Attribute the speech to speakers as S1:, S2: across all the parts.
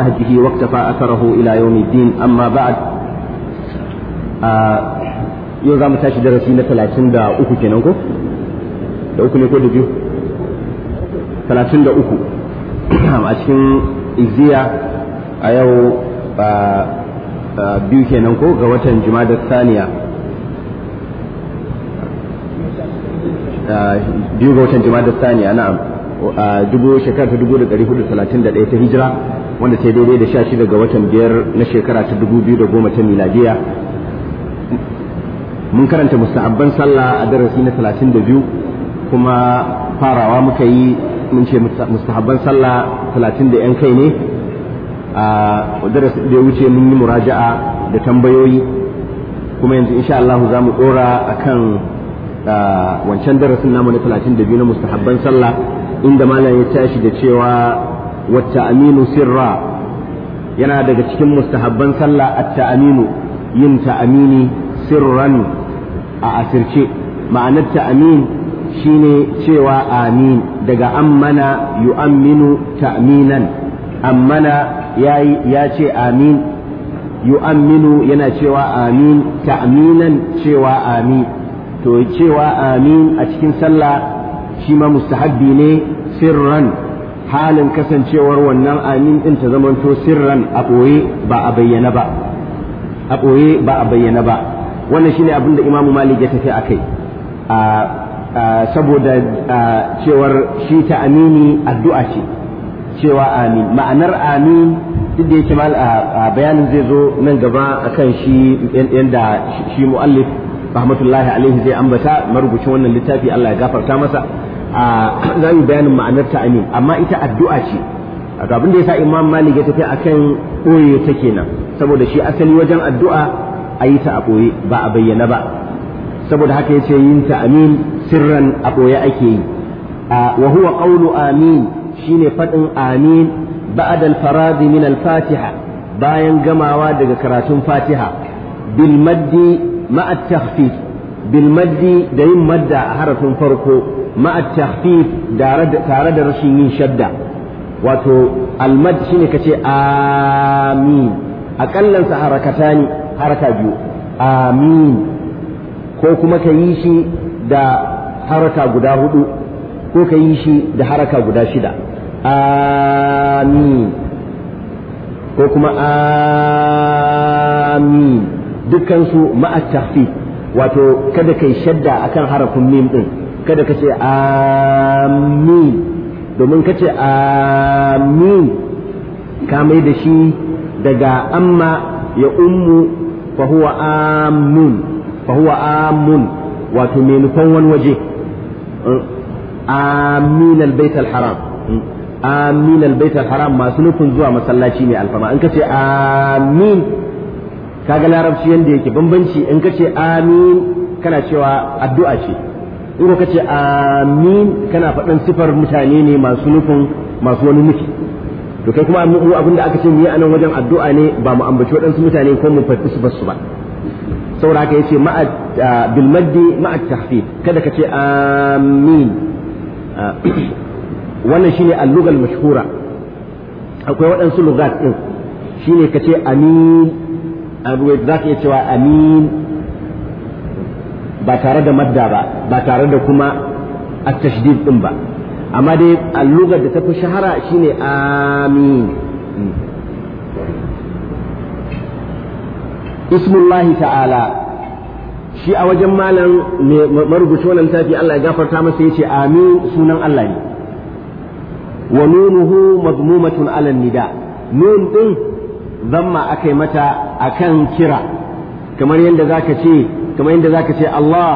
S1: نهجه واقتفى أثره إلى يوم الدين أما بعد yau za mu tashi darasi na talatin da uku kenan ko? da uku ne ko da biyu? talatin da uku a cikin iziya a yau biyu kenan ko ga watan da saniya biyu ga watan da saniya na'am dubu ta dubu da hudu talatin da ta hijira wanda ta daidai da sha shida ga watan biyar na shekara ta dubu biyu da goma ta miladiya mun karanta musta'abban sallah a darasi na talatin da biyu kuma farawa muka yi mun ce mustahabban sallah talatin da yan kai ne a darasi da ya wuce mun yi muraja'a da tambayoyi kuma yanzu insha Allah za mu dora akan wancan darasin namu na talatin da biyu na mustahabban sallah inda malam ya tashi da cewa wa aminu sirra yana daga cikin mustahabban sallah at-ta'aminu yin ta'amini sirran a asirce ma'anar ta'amin shine cewa amin daga ammana yu'amminu ta'minan ammana ya ce amin yu'amminu yana cewa amin ta'minan cewa amin to cewa amin a cikin sallah shi ma mustahabbi ne sirran halin kasancewar wannan amin din ta zamanto sirran a ɓoye ba a bayyana ba a ɓoye ba a bayyana ba wannan shine abin da imamu malik ya tafi a kai saboda cewar shi ta amini addu'a ce cewa amin ma'anar amin duk da yake mal a bayanin zai zo nan gaba akan shi yanda shi muallif rahmatullahi alaihi zai ambata marubucin wannan littafi Allah ya gafarta masa za mu bayanin ma'anar ta amma ita addu'a ce aka abin da yasa imam malik ya tafi akan boye ta kenan saboda shi asali wajen addu'a a yi ta a boye ba a bayyana ba saboda haka yace yin ta amin sirran a boye ake yi wa huwa qawlu amin shine fadin amin ba'da al min al-fatiha bayan gamawa daga karatun fatiha bil maddi ma'a takhfif bil da yin madda a harafin farko ma'a tare da rashin yin shadda wato al mad shine kace amin akallan sa harakatani haraka biyu amin ko kuma ka yi shi da haraka guda hudu ko ka yi shi da haraka guda shida amin ko kuma amin dukkansu ma'a takhfif wato kada yi shadda akan harafin mim ɗin kada ka ce amin domin ka ce amin ka mai da shi daga amma ya ummu fa huwa amun fa huwa wato mai nufan wani waje amin albayt alharam amin albayt alharam masu nufin zuwa masallaci ne alfama in ka ce amin kaga larabci yanda yake bambanci in ka ce amin kana cewa addu'a ce in ko ce amin kana faɗan sifar mutane ne masu nufin masu wani nufi to kai kuma mu abin da aka ce mu yi anan wajen addu'a ne ba mu ambaci waɗansu mutane ko mu faɗi sifar su ba saboda haka yace ma'a bil maddi ma'a tahfif kada ce amin wannan shine al-lughal mashhura akwai waɗansu lugat din shine ce amin an ruwaito za ka iya cewa amin ba tare da madda ba ba tare da kuma a tashdid din ba amma dai allugar da ta fi shahara shine amin ismullahi ta'ala shi a wajen malam marubuci wannan tafi Allah ya gafarta masa yace amin sunan Allah ne wa nunuhu madmumatun ala nida nun din zamma aka yi mata kan kira kamar yadda za ka ce kamar yadda za ka ce Allah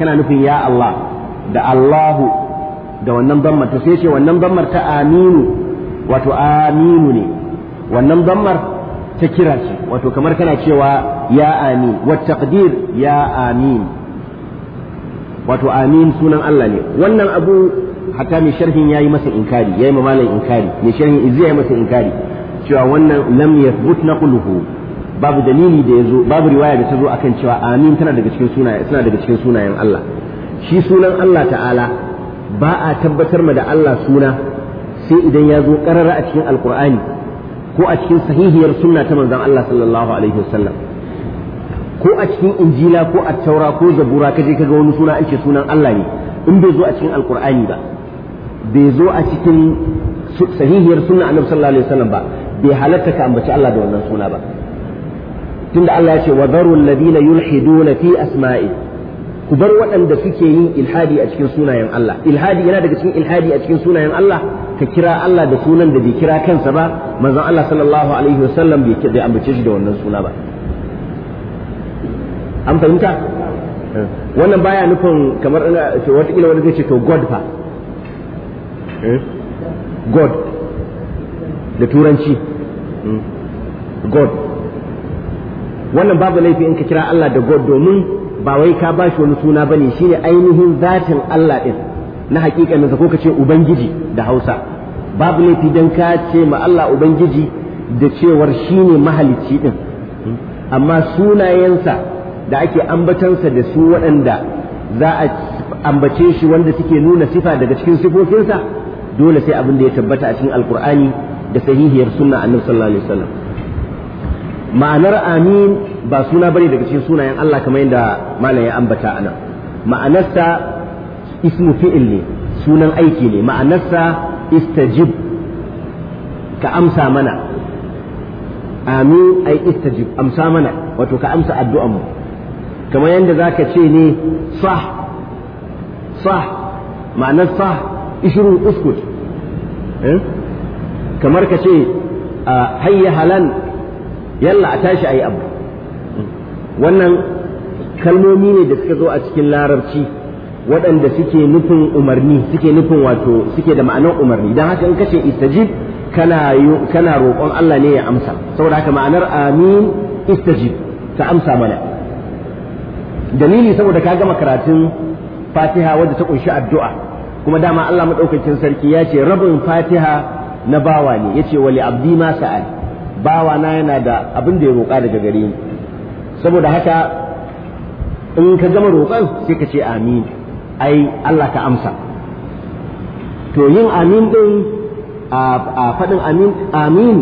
S1: kana nufin ya Allah da Allahu da wannan zammar ta sai ce wannan zammar ta aminu wato aminu ne wannan zammar ta kira ce wato kamar kana cewa ya amin wa taqdir ya amin wato amin sunan Allah ne wannan abu hatta mai sharhin yayi masa inkari yayi mamalan inkari mai sharhin izzi yayi masa inkari cewa wannan lam yathbut naqluhu babu dalili da yazo babu riwaya da ta zo akan cewa amin tana daga cikin sunaye tana daga cikin sunayen Allah shi sunan Allah ta'ala ba a tabbatar ma da Allah suna sai idan ya zo karara a cikin alqur'ani ko a cikin sahihiyar sunna ta manzon Allah sallallahu alaihi wasallam ko a cikin injila ko a taura ko zabura kaje kaga wani suna ake sunan Allah ne in bai zo a cikin alqur'ani ba bai zo a cikin sahihiyar sunna annabi sallallahu alaihi wasallam ba bai halatta ka ambaci Allah da wannan suna ba tunda Allah ya ce wa dharu alladhina yulhiduna fi asma'i ku bar waɗanda suke yin ilhadi a cikin sunayen Allah ilhadi yana daga cikin ilhadi a cikin sunayen Allah ka kira Allah da sunan da bai kira kansa ba manzon Allah sallallahu alaihi wasallam bai ambace shi da wannan suna ba an fahimta wannan baya nufin kamar wata wani zai ce to God fa eh? God da turanci mm. god wannan babu laifi in ka kira Allah da god domin ba wai ka ba shi wani suna ba ne shine ainihin zatin Allah ɗin na hakikanin ko ka ce ubangiji da hausa babu laifi don ka ce ma Allah ubangiji da cewar shine mahalicci ɗin mm. amma sunayensa da ake ambatansa da su waɗanda za a ambace shi wanda suke nuna sifa daga cikin sifofinsa dole sai abin da ya tabbata a cikin alkur'ani da sahihiyar sunna annabi sallallahu alaihi wasallam ma'anar amin ba suna bane daga cikin sunayen Allah kamar yadda malam ya ambata anan ma'anarsa ismu fi'il ne sunan aiki ne ma'anarsa istajib ka amsa mana amin ai istajib amsa mana wato ka amsa addu'an mu kamar yadda zaka ce ne sah sah ma'anar sah ishru uskut eh kamar ka ce hayya halan yalla a tashi ayi abu wannan kalmomi ne da suka zo a cikin larabci waɗanda suke nufin umarni suke nufin wato suke da ma'anar umarni don haka in kace istajib kana kana roƙon Allah ne ya amsa saboda haka ma'anar amin istajib ka amsa mana dalili saboda ka gama karatun fatiha wadda ta kunshi addu'a kuma dama Allah madaukakin sarki ya ce rabin fatiha na bawa ne ya ce wali abdi ma sa'al bawa na yana da abin da ya roƙa daga gare ni saboda haka in ka gama roƙon sai ka ce amin ai Allah ka amsa to yin amin ɗin a faɗin amin amin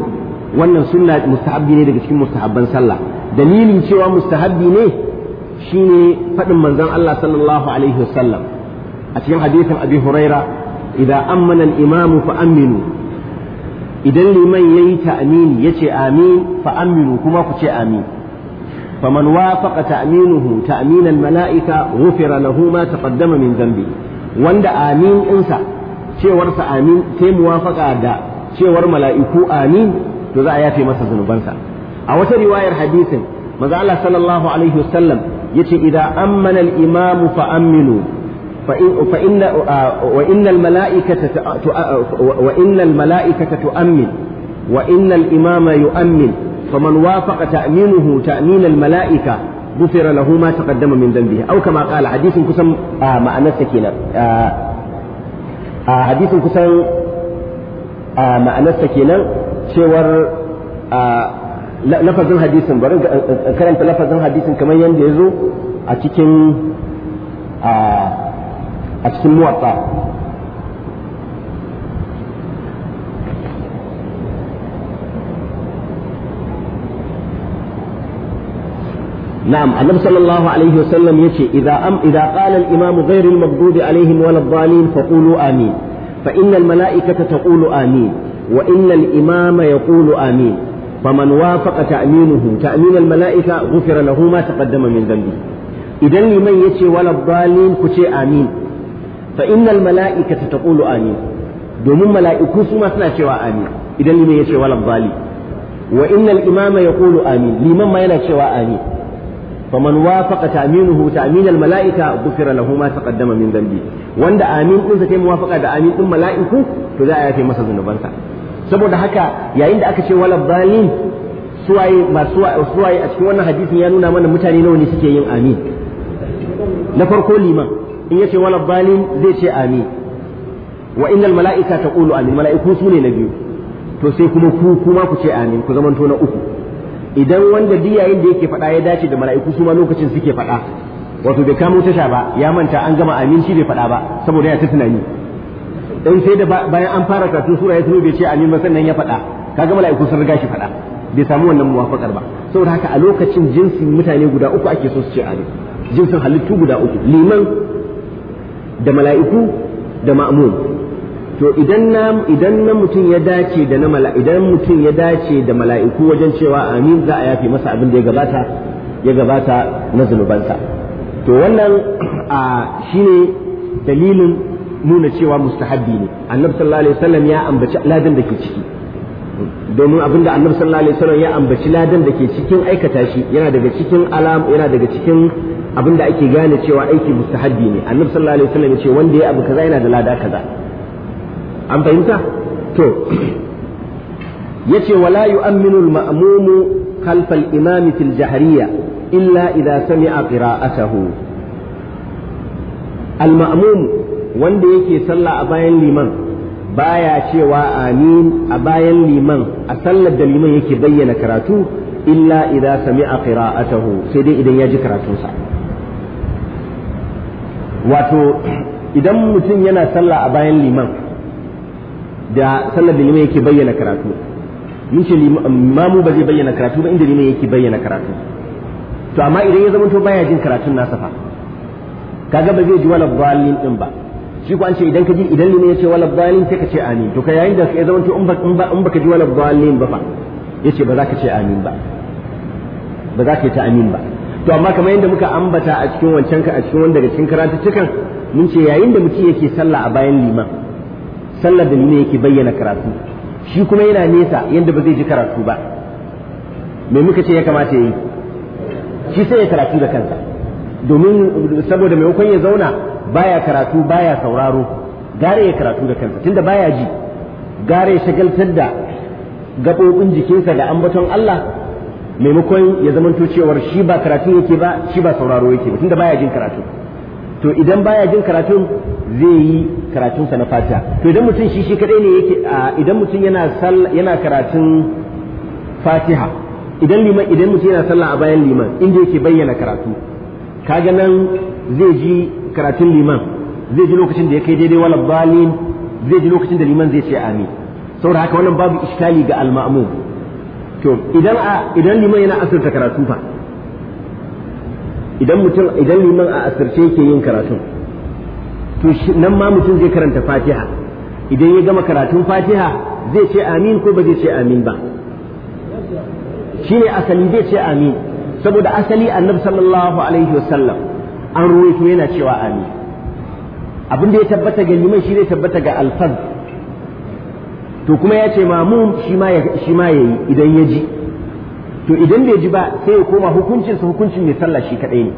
S1: wannan sunna mustahabbi ne daga cikin mustahabban sallah dalilin cewa mustahabbi ne shine faɗin manzon Allah sallallahu alaihi wasallam a cikin hadisin Abi Huraira idan ammana al-imamu fa aminu idan liman yayi ya yace amin fa aminu kuma ku ce amin faman wafaqa ta'minuhu ta'min malaika ghufira lahu ma taqaddama min zambi wanda amin insa cewar sa amin sai muwafaqa da cewar mala'iku amin to za a yafe masa zunubansa a wata riwayar hadisin manzo Allah sallallahu alaihi wasallam yace idan ammana al-imam fa aminu فإن وإن الملائكة وإن الملائكة تؤمن وإن الإمام يؤمن فمن وافق تأمينه تأمين الملائكة غفر له ما تقدم من ذنبه أو كما قال حديث كسم مع السكينة حديث كسم مع السكينة شور lafazin hadisin bari karanta lafazin hadisin kamar yadda ya zo a cikin a cikin muwatta نعم النبي صلى الله عليه وسلم يشي إذا أم إذا قال الإمام غير المغضوب عليهم ولا الضالين فقولوا آمين فإن الملائكة تقول آمين وإن الإمام يقول آمين فمن وافق تأمينه تأمين الملائكة غفر له ما تقدم من ذنبه إذا لمن يشي ولا الضالين كشي آمين fa innal mala'ikata taqulu amin domin mala'iku suna cewa amin idan liman ya ce wala bali wa innal imama yaqulu amin liman ma yana cewa amin faman wafaqa ta'minuhu ta'min al mala'ika ghufira lahu ma taqaddama min dhanbi wanda amin din sa kai muwafaqa da amin din mala'iku to za a yafe masa zunubansa saboda haka yayin da aka ce wala balin suwaye masu a cikin wannan hadisin ya nuna mana mutane nawa ne suke yin amin na farko liman in yace wala balin zai ce amin wa innal mala'ika taqulu amin mala'iku su ne na biyu to sai kuma ku kuma ku ce amin ku to na uku idan wanda diyayin da yake faɗa ya dace da mala'iku su ma lokacin suke faɗa wato bai kamo tasha ba ya manta an gama amin shi bai faɗa ba saboda ya ta tunani dan sai da bayan an fara karatu sura ya tuno bai ce amin ba sannan ya faɗa kaga mala'iku sun riga shi faɗa bai samu wannan muwafaqar ba saboda haka a lokacin jinsin mutane guda uku ake so su ce amin jinsin halittu guda uku liman da mala'iku da ma'mun to idan na mutum ya dace da na idan mutum ya dace da mala'iku wajen cewa amin za a yafi masa abin da ya gabata ya gabata na zunubansa to wannan a shine dalilin nuna cewa mustahabbi ne annabi sallallahu alaihi wasallam ya ambaci aladin da ke ciki domin abinda annabi sallallahu alaihi wasallam ya ambaci ladan da ke cikin aikata shi yana daga cikin alam yana daga cikin abinda ake gane cewa aiki mustahabbi ne annabi sallallahu alaihi wasallam ya ce wanda ya abu kaza yana da lada kaza an fahimta to yace wala yu'minu al-ma'mumu khalfa al-imami fil jahriyya illa idza sami'a qira'atahu al-ma'mum wanda yake sallah a bayan liman baya cewa amin a bayan liman a sallar da liman yake bayyana karatu illa idza sami'a qira'atahu sai dai idan ya ji karatunsa wato idan mutum yana sallah a bayan liman da sallar da liman yake bayyana karatu mun ce mamu ba zai bayyana karatu ba inda liman yake bayyana karatu to amma idan ya zama to baya jin karatun nasa fa kaga ba zai ji wala dalil din ba shi ko an ce idan ka ji idan ne ya ce wala dalin sai ka ce amin to kai yayin da ya zama in ba baka ji wala dalin ba fa yace ba za ka ce amin ba ba za ka yi ta amin ba to amma kamar yadda muka ambata a cikin wancan ka a cikin wanda daga cikin cikan mun ce yayin da mutum yake sallah a bayan liman sallar da ne yake bayyana karatu shi kuma yana nesa yadda ba zai ji karatu ba me muka ce ya kamata ya yi shi sai ya karatu da kansa domin saboda maimakon ya zauna baya karatu baya sauraro gare ya karatu da kansa tunda baya ji gare ya shagaltar da gaɓoɓin jikinsa da ambaton Allah maimakon ya zamanto cewar shi ba karatu yake ba shi ba sauraro yake ba tunda baya jin karatu to idan baya jin karatun zai yi karatunsa na fata to idan mutum shi shi kadai ne yake idan mutum yana yana karatun fatiha idan liman idan mutum yana sallah a bayan liman inda yake bayyana karatu kaga nan zai ji karatun liman zai ji lokacin da ya kai daidai wala balin zai ji lokacin da liman zai ce amin saboda haka wannan babu iskali ga almamu to idan idan liman yana asirta karatu fa idan mutum idan liman a asirce yake yin karatun to nan ma mutum zai karanta fatiha idan ya gama karatun fatiha zai ce amin ko ba zai ce amin ba shine asali zai ce amin saboda asali annabi sallallahu alaihi wasallam an ruwaito yana cewa amin abin da ya tabbata ga liman shi zai tabbata ga alfaz to kuma ya ce mamun shi ma ya yi idan ya ji to idan bai ji ba sai ya koma hukuncin sa hukuncin mai sallah shi kadai ne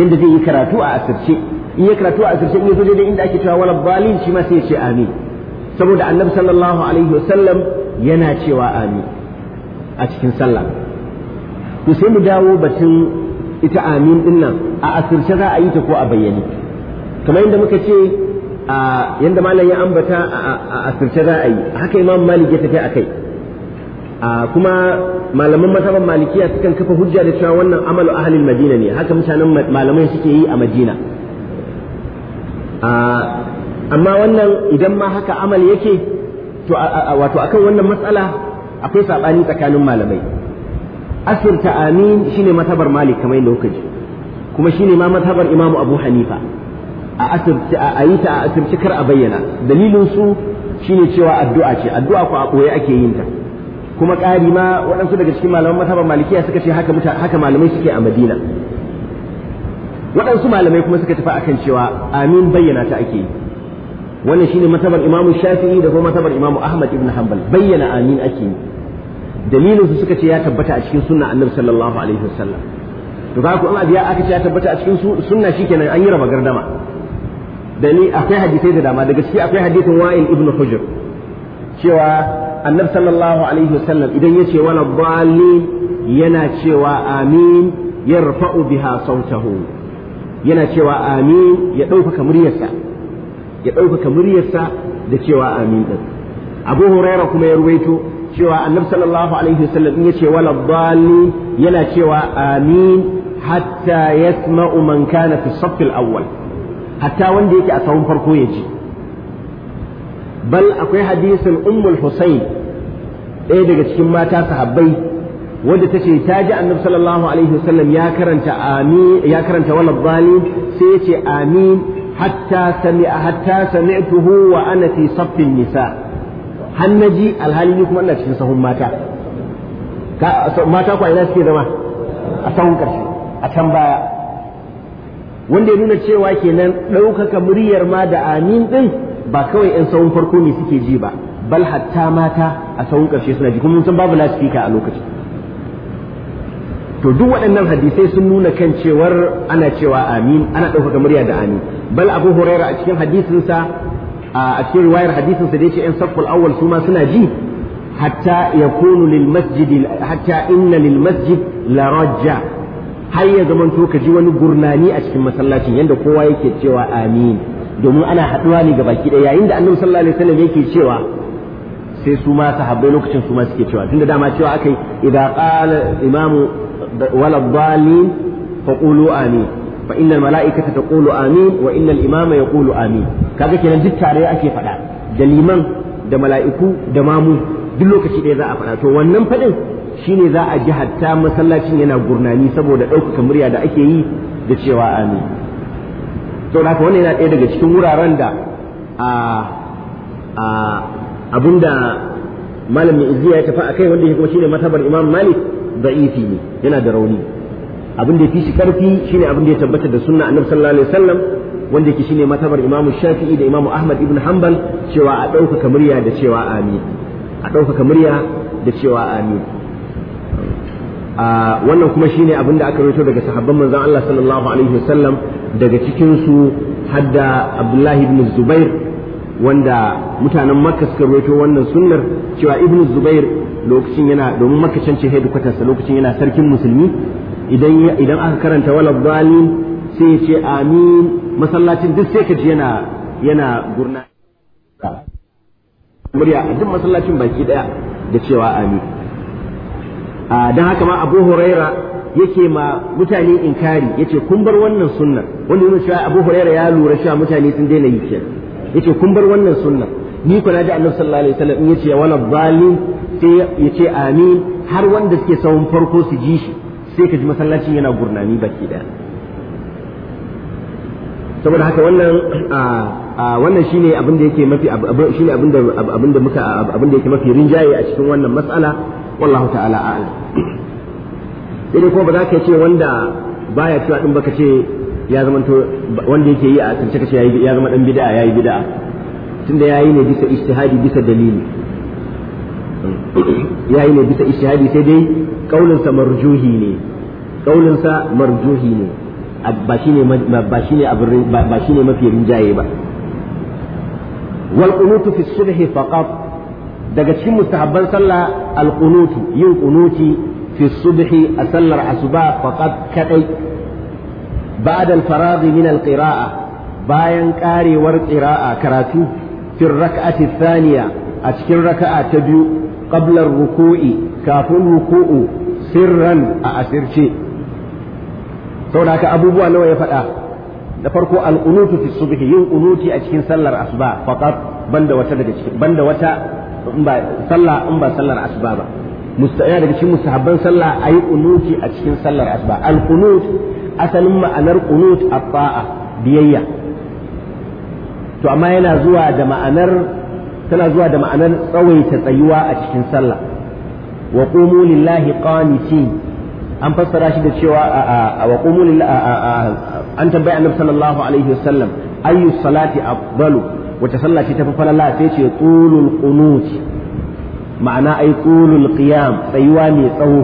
S1: yanda zai yi karatu a asirce in ya karatu a asirce in ya zo daidai inda ake cewa wala balin shi ma sai ya ce amin saboda annabi sallallahu alaihi wasallam yana cewa amin a cikin sallah ku sai mu dawo batun ita amin din nan a asirce za a yi ta ko a bayyane kamar yadda muka ce a yadda malam ya ambata a asirce za a yi haka imam malik ya tafi akai a kuma malaman mazhaban malikiya sukan kafa hujja da cewa wannan amalu ahlil madina ne haka mutanen malamai suke yi a madina amma wannan idan ma haka amal yake to wato akan wannan matsala akwai saɓani tsakanin malamai asirta amin shine matabar malik kamar yadda kuka ji kuma shine ma matabar imam abu hanifa a asirta a yi ta a asirci kar a bayyana dalilin su shine cewa addu'a ce addu'a ko a boye ake yin ta kuma ƙari ma waɗansu daga cikin malaman matabar malikiya suka ce haka haka malamai suke a madina waɗansu malamai kuma suka tafi akan cewa amin bayyana ta ake yi wannan shine matabar imam shafi'i da kuma matabar imam ahmad ibn hanbal bayyana amin ake yi dalilinsu suka ce ya tabbata a cikin sunna annabi sallallahu alaihi wasallam to za ku in abiya aka ce ya tabbata a cikin sunna shikenan an yi raba gardama da ni akwai hadisai da dama daga ciki akwai hadisin wa'il ibn hujr cewa annabi sallallahu alaihi wasallam idan ya ce wala dhalin yana cewa amin yarfa'u biha sautahu yana cewa amin ya ɗaukaka muryarsa ya ɗaukaka muryarsa da cewa amin din abu huraira kuma ya ruwaito cewa annabi sallallahu alaihi wasallam wala yana cewa amin hatta yasma'u man kana fi saff al-awwal hatta wanda yake a sahun farko ya ji bal akwai hadisin ummul husayn ɗaya daga cikin mata sahabbai wanda ta ce ta ji annabi sallallahu alaihi wasallam ya karanta amin ya karanta wala dhalli sai ya ce amin hatta sami'a hatta sami'tuhu wa ana fi saffin nisa' hannaji alhali ni kuma ina cikin sahun mata mata kwa ina suke zama a sahun karshe a can baya wanda ya nuna cewa kenan ɗaukaka muryar ma da amin ɗin ba kawai 'yan sahun farko ne suke ji ba bal hatta mata a sahun karshe suna ji kuma sun babu lasifika a lokacin to duk waɗannan hadisai sun nuna kan cewar ana cewa amin ana ɗaukaka murya da amin bal abu huraira a cikin hadisinsa a cikin riwayar hadisin sa da yake in saffal awwal su ma suna ji hatta yakunu lil masjid hatta inna lil masjid la rajja har ya zaman to ka ji wani gurnani a cikin masallacin yanda kowa yake cewa amin domin ana haduwa ne gabaki daya yayin da annabi sallallahu alaihi wasallam yake cewa sai su ma sahabbai lokacin su ma suke cewa tunda dama cewa akai idza qala imamu wala dhalin faqulu amin fa innal malaikata taqulu amin wa innal imama yaqulu amin kaga kenan duk tare ake faɗa da liman da mala'iku da mamu duk lokaci ɗaya za a faɗa to wannan faɗin shine za a ji hatta masallacin yana gurnani saboda ɗaukaka murya da ake yi da cewa amin to haka wannan yana ɗaya daga cikin wuraren da a a abinda malamin iziya ya tafi akai wanda ya kuma shine matabar imam malik da'ifi ne yana da rauni abin da ya fi shi karfi shine abin da ya tabbata da sunna annabi sallallahu alaihi wasallam wanda yake shine matabar imamu shafi'i da imamu ahmad ibn hanbal cewa a ka murya da cewa amin a ka murya da cewa amin wannan kuma shine abin da aka rawaito daga sahabban manzon Allah sallallahu alaihi wasallam daga cikin su hadda abdullahi ibn zubair wanda mutanen makka suka rawaito wannan sunnar cewa ibn zubair lokacin yana domin makka can ce headquarters lokacin yana sarkin musulmi idan idan aka karanta wala zalim sai ya ce amin masallacin duk sai ka ji yana yana gurna murya a duk masallacin baki daya da cewa amin a dan haka ma Abu Huraira yake ma mutane inkari yace kun bar wannan sunna wanda yana cewa Abu Huraira ya lura cewa mutane sun daina yi kenan yace kun bar wannan sunna ni kuna da Annabi sallallahu alaihi wasallam yace wala zalim sai yace amin har wanda suke sawun farko su ji shi sai ka ji masallacin yana gurnani baki daya saboda haka wannan wannan shine abin da yake mafi shine abin da abin da muka abin da yake mafi rinjaye a cikin wannan mas'ala wallahu ta'ala a'lam sai dai kuma ba za ka ce wanda baya cewa din baka ce ya zama to wanda yake yi a tantance ce ya zama dan bid'a yayi bid'a tunda yayi ne bisa ijtihadi bisa dalili yayi ne bisa ishihadi sai dai kaulinsa marjuhi ne kaulinsa marjuhi ne ba shine ba mafi rinjaye ba wal qunutu fi subhi faqat daga cikin mustahabban sallah al qunutu yin qunuti fi subhi a sallar asuba faqat kadai ba'da al faragh min al qira'a bayan karewar qira'a karatu fi rak'ati thaniya a cikin raka'a ta biyu qabla ruku'i kafin ruku'u sirran a asirce saboda haka abubuwa nawa ya faɗa da farko al-qunutu fi subhi yin qunuti a cikin sallar asuba faqat banda wata daga cikin banda wata in ba sallah in ba sallar asuba ba mustaya daga cikin mustahabban sallah ayi unuti a cikin sallar asuba al asalin ma'anar qunut at biyayya to amma yana zuwa da ma'anar tana zuwa da ma'anar tsawaita tsayuwa a cikin sallah wa qumu lillahi qanitin an fassara shi da cewa wa qumu an tambaya annabi sallallahu alaihi wasallam ayyu salati afdalu wata sallah ce tafi falala sai ce tulul qunut ma'ana ai tulul qiyam tsayuwa mai tsawo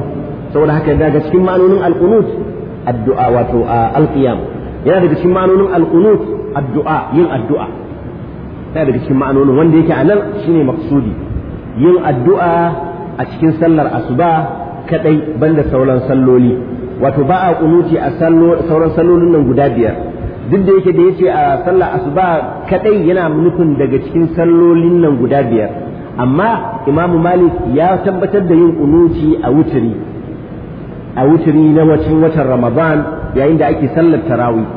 S1: saboda haka daga cikin ma'anonin al-qunut addu'a wato al-qiyam yana daga cikin ma'anonin al-qunut addu'a yin addu'a sai daga cikin ma'anonin wanda yake a nan shine maksudi yin addu'a a cikin sallar asuba kadai banda sauran salloli wato ba a kunuti a sauran sallolin nan guda biyar duk da yake da yace a sallar asuba kadai yana nufin daga cikin sallolin nan guda biyar amma imamu malik ya tabbatar da yin kunuti a wuturi a wuturi na wacin watan ramadan yayin da ake sallar tarawih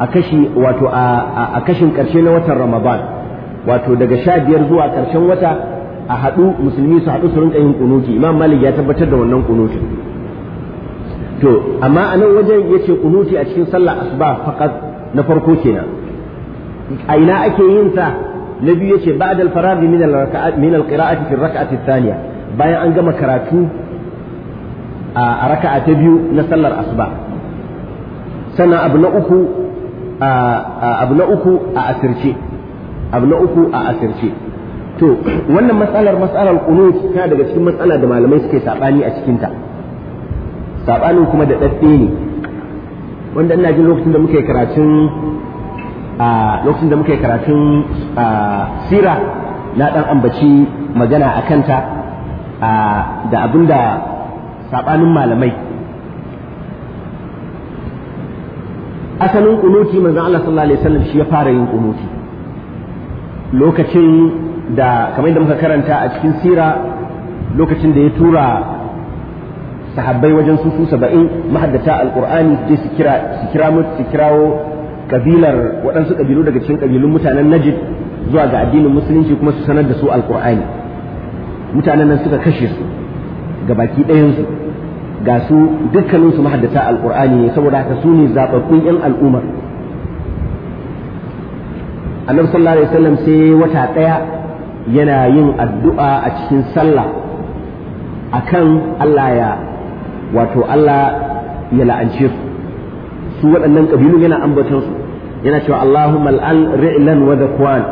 S1: a kashi wato a kashin karshe na watan ramadan wato daga sha biyar zuwa karshen wata a haɗu musulmi su haɗu su rinka yin kunuti imam malik ya tabbatar da wannan kunutin to amma a nan wajen ya ce kunuti a cikin sallah asuba faqat na farko kenan a ina ake yin sa na biyu yace ba'da al-faragh min al min al-qira'ati fi ar-rak'ati ath-thaniya bayan an gama karatu a raka'a ta biyu na sallar asuba sannan abu na uku abu na uku a asirce abu na uku a asirce to wannan matsalar matsalar kunu ta daga cikin matsala da malamai suke sabani a cikin ta sabanin kuma da dadde ne wanda ina jin lokacin da muke karatun a lokacin da muke karatun sira na dan ambaci magana a kanta da abinda sabanin malamai asalin kunuti manzon Allah sallallahu alaihi wasallam shi ya fara yin kunuti lokacin da kamar da muka karanta a cikin sira lokacin da ya tura sahabbai wajen su su saba'in mahaddata alqur'ani je su kira su kira su kirawo kabilar waɗansu kabilu daga cikin kabilun mutanen najid zuwa ga addinin musulunci kuma su sanar da su alqur'ani mutanen nan suka kashe su ga baki ɗayansu ga su dukkanin su mahaddata alqur'ani ne saboda haka su ne zababbun yan al'ummar annabi sallallahu alaihi wasallam sai wata daya yana yin addu'a a cikin sallah akan Allah ya wato Allah ya la'ance su su waɗannan ƙabilu yana ambaton su yana cewa Allahumma al'an ri'lan wa dhakwan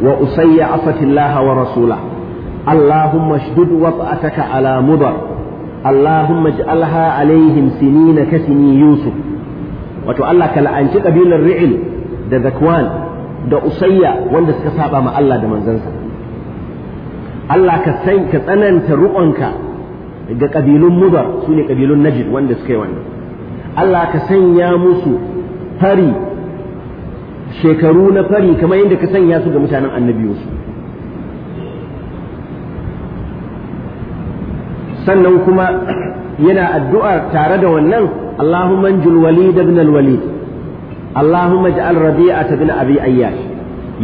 S1: wa usayya afatillah wa rasula Allahumma shdud wat'ataka ala mudar Allahumma ij'alha alaihim sinina ka sini Yusuf wato Allah ka la'anci kabilar Ri'il da Zakwan da Usayya wanda suka saba ma Allah da manzansa Allah ka san ka tsananta ruƙonka ga kabilun Mudar su ne kabilun najid wanda suka yi wannan Allah ka sanya musu fari shekaru na fari kamar yadda ka sanya su ga mutanen annabi Yusuf sannan kuma yana addu'a tare da wannan Allahumma jul walid ibn al-walid Allahumma ij'al rabi'a bin abi ayyash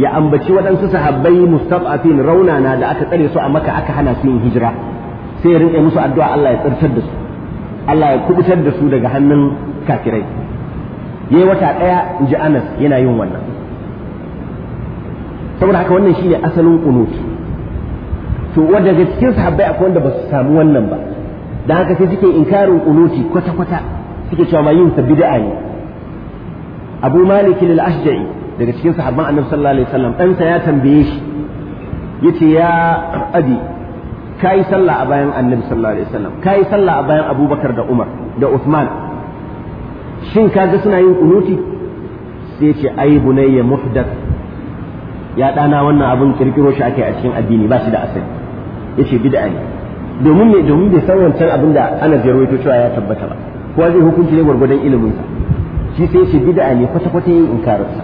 S1: ya ambaci waɗansu sahabbai rauna raunana da aka tsare su a maka aka hana su yin hijira sai ya musu addu'a Allah ya tsirtar da su Allah ya kubutar da su daga hannun kafirai yayi wata ɗaya ji Anas yana yin wannan saboda haka wannan shine asalin qunut to wanda daga cikin sahabbai akwai wanda ba su samu wannan ba da haka sai suke inkarin kunuti kwata kwata suke cewa ma yin sa bid'a ne Abu Malik al-Ashja'i daga cikin sahabban Annabi sallallahu alaihi wasallam dan sa ya tambaye shi yace ya abi kai sallah a bayan Annabi sallallahu alaihi wasallam kai sallah a bayan Abubakar da Umar da Uthman shin ka ga suna yin kunuti sai ce ai bunayya muhdath ya dana wannan abun kirkiro shi ake a cikin addini ba shi da asali yace bid'a ne domin me domin bai san wancan abin da ana wato cewa ya tabbata ba kowa zai hukunci ne gwargwadon ilimin sa shi sai yace bid'a ne kwata kwata yin inkarin sa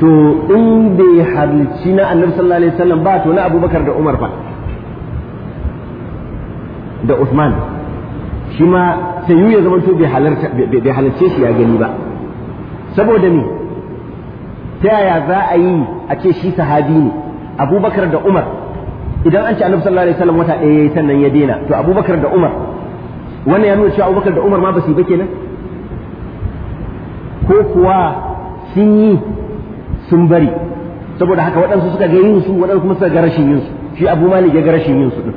S1: to in bai halci na annabi sallallahu alaihi wasallam ba to na abubakar da umar fa da usman shi ma sai yu ya zama to bai halarta bai halarce shi ya gani ba saboda me ta yaya za a yi a ce shi sahabi ne abubakar da umar idan an ce annabi sallallahu alaihi wasallam wata ɗaya yayi sannan ya daina to abubakar da umar wannan ya nuna cewa abubakar da umar ma ba su yi ba kenan ko kuwa sun yi sun bari saboda haka waɗansu suka ga yin su waɗansu kuma suka ga rashin yin su shi abu malik ya ga rashin yin su din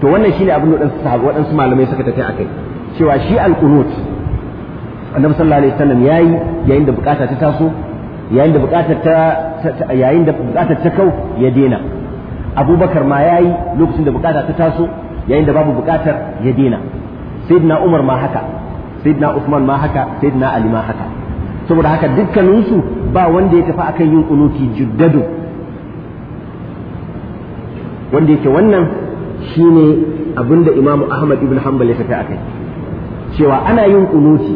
S1: to wannan shine abin da waɗansu waɗansu malamai suka tafi akai cewa shi al-qunut annabi sallallahu alaihi wasallam yayi yayin da bukata ta taso yayin da bukata ta yayin da bukatar ta kau ya dena abubakar ma ya yi lokacin da bukata ta taso yayin da babu bukatar ya dena sayyidina umar ma haka sayyidina usman ma haka sayyidina ali ma haka saboda haka dukkaninsu ba wanda ya tafi akan yin kunuti juddadu wanda yake wannan shine abinda imamu ahmad ibn hanbal ya tafi akai cewa ana yin kunuti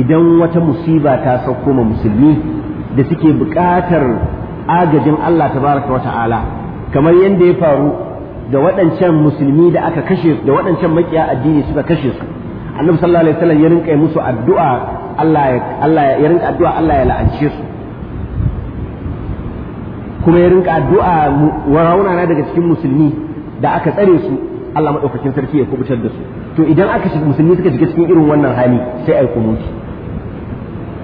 S1: idan wata musiba ta sauko ma musulmi da suke buƙatar agajin Allah tabaraka wa ta'ala kamar yadda ya faru da waɗancan musulmi da aka kashe da waɗancan makiya addini suka kashe su annabi sallallahu alaihi wasallam ya rinka musu addu'a Allah ya Allah ya rinka addu'a Allah ya la'ance su kuma ya rinka addu'a warauna na daga cikin musulmi da aka tsare su Allah madaukakin sarki ya kubutar da su to idan aka shiga musulmi suka shiga cikin irin wannan hali sai ai kunuti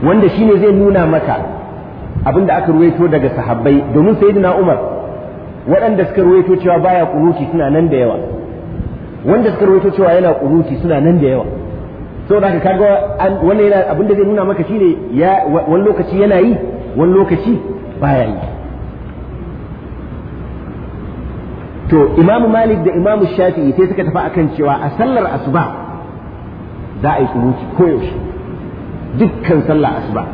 S1: wanda shine zai nuna maka abin da aka ruwaito daga sahabbai domin sayyidina Umar waɗanda suka ruwaito cewa baya kunuti suna nan da yawa wanda suka ruwaito cewa yana kunuti suna nan da yawa saboda ka kaga wannan yana abin da zai nuna maka shine ya wani lokaci yana yi wani lokaci baya yi to Imam Malik da Imam Shafi'i sai suka tafi akan cewa a sallar asuba za a yi kunuti koyaushe dukkan sallar asuba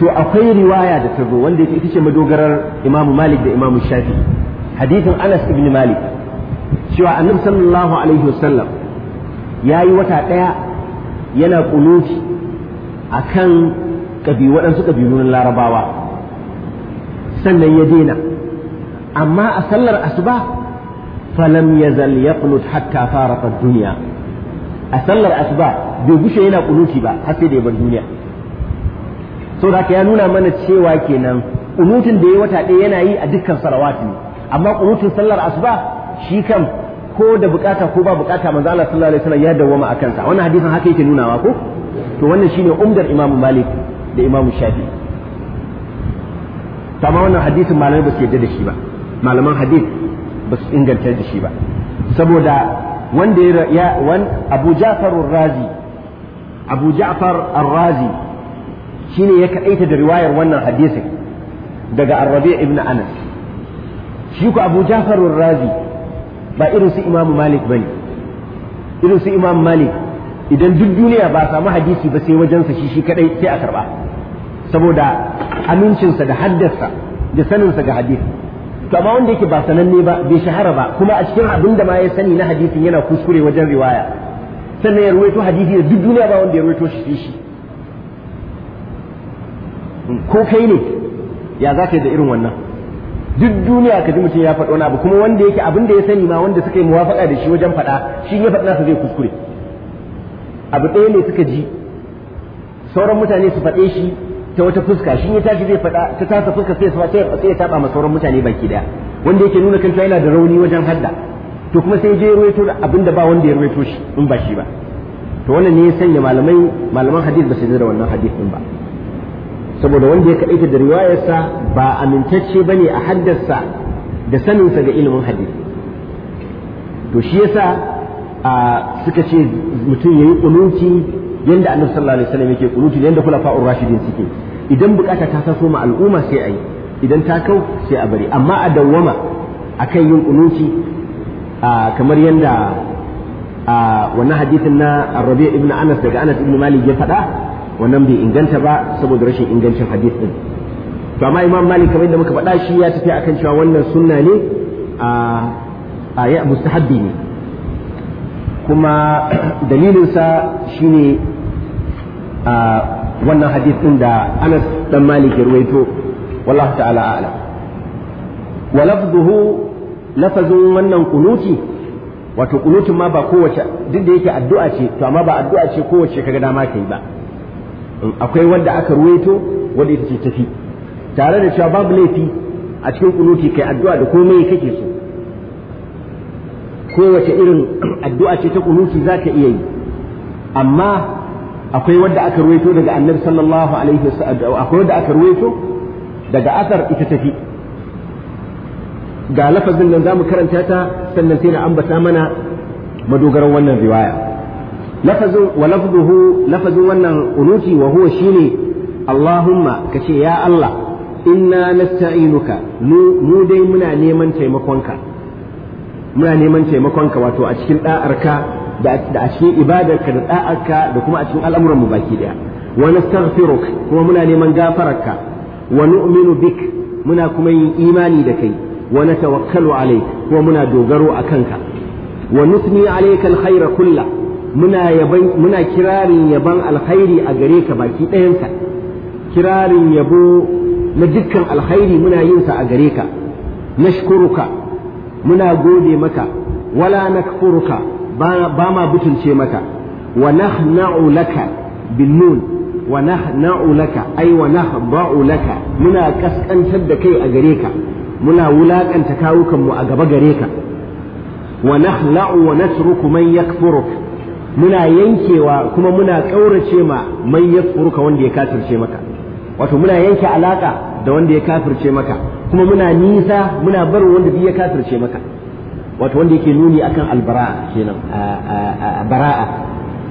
S1: to akwai riwaya da ta zo wanda ita ce madogarar Imam Malik da Imam Shafi hadithin Anas ibn Malik cewa Annabi sallallahu alaihi wasallam yayi wata daya yana kunuti akan kabilu waɗansu na Larabawa sannan ya daina amma a sallar asuba falam yazal yaqnut hatta farata ad-dunya a sallar asuba bai gushe yana kunuti ba har sai da ya bar duniya saboda haka ya nuna mana cewa kenan kunutun da ya wata ɗaya yana yi a dukkan sarawati ne amma kunutun sallar asuba shi kam ko da bukata ko ba bukata manzo Allah sallallahu alaihi wasallam ya dawwama akan sa wannan hadisin haka yake nunawa ko to wannan shine umdar Imam Malik da Imam Shafi kama wannan hadisin malamai ba su yarda da shi ba malaman hadis ba su inganta da shi ba saboda wanda ya wan Abu Ja'far ar-Razi Abu Ja'far ar-Razi shine ya kaɗaita da riwayar wannan hadisin daga arrabi ibn anas shi ku abu jafar razi ba irin su Imam malik bane irin su Imam malik idan duk duniya ba samu hadisi ba sai wajen shi shi kadai sai a karba saboda amincinsa da haddasa da saninsa ga hadisi to amma wanda yake ba sananne ba bai shahara ba kuma a cikin abin da ma ya sani na hadisin yana kuskure wajen riwaya sannan ya ruwaito hadisi da duk duniya ba wanda ya ruwaito shi shi ko kai ne ya za ka yi da irin wannan duk duniya ka ji mutum ya faɗo abu kuma wanda yake abin da ya sani ma wanda suka yi muwafaƙa da shi wajen faɗa shi ya faɗa nasa zai kuskure abu ɗaya ne suka ji sauran mutane su faɗe shi ta wata fuska shi ya tashi zai faɗa ta tasa fuska sai sai ya taɓa ma sauran mutane baki daya wanda yake nuna kanta yana da rauni wajen hadda to kuma sai je ya da abin da ba wanda ya ruwaito shi in ba shi ba to wannan ne ya sanya malamai malaman hadith ba su da wannan hadith ɗin ba saboda wanda ya kaɗaita da riwayarsa ba amintacce ba ne a haddarsa da saninsa ga ilimin hadisi to shi yasa a suka ce mutum ya yayi ƙunuti yadda annabi sallallahu alaihi wasallam yake kunuti yanda kulafa rashidin suke idan bukata ta taso ma al'umma sai ayi idan ta kau sai a bari amma a dawwama kan yin ƙunuti kamar yadda wannan hadisin na Rabi' ibn Anas daga Anas ibn Malik ya faɗa wannan bai inganta ba saboda rashin ingancin hadith din to amma imam malik kamar da muka faɗa shi ya tafi akan cewa wannan sunna ne a aya mustahabbi ne kuma dalilinsa shine a wannan hadith din da anas dan malik ya ruwaito wallahi ta'ala a'lam wa lafzuhu lafazin wannan kunuti wato kunutun ma ba kowace duk da yake addu'a ce to amma ba addu'a ce kowace kaga dama kai ba akwai wanda aka ruwaito wanda ita ce tafi tare da cewa babu laifi a cikin kunuti kai addu'a da komai kake so kowace irin addu'a ce ta kunuti za ka iya yi amma akwai wanda aka ruwaito daga annabi sallallahu alaihi wasallam akwai wanda aka ruwaito daga asar ita tafi ga lafazin nan zamu karanta ta sannan sai na ambata mana madogaran wannan riwaya lafazin wa lafzuhu lafazin wannan unuti wa huwa shine Allahumma kace ya Allah inna nasta'inuka mu dai muna neman taimakonka muna neman taimakonka wato a cikin da'arka da a cikin ibadarka da da'arka da kuma a cikin al'amuran mu baki daya wa nastaghfiruk kuma muna neman gafararka wa nu'minu bik muna kuma yin imani da kai wa natawakkalu alayk kuma muna dogaro akanka wa nusni alayka alkhayra kullahu muna yaban muna kirarin yaban alkhairi a gare ka baki ɗayansa kirarin yabo na dukkan alkhairi muna yin sa a gare ka nashkuruka muna gode maka wala nakfuruka ba ma butulce maka wa nahna'u laka bin nun wa nahna'u laka ai wa nahba'u laka muna kaskantar da kai a gare ka muna wulakanta kawukanmu a gaba gare ka wa nahla'u wa nasruku man yakfuruk muna yankewa kuma muna ƙaurace ma man yafurka wanda ya kafirce maka wato muna yanke alaka da wanda ya kafirce maka kuma muna nisa muna bar wanda duk ya kafirce maka wato wanda yake nuni akan albara'a kenan bara'a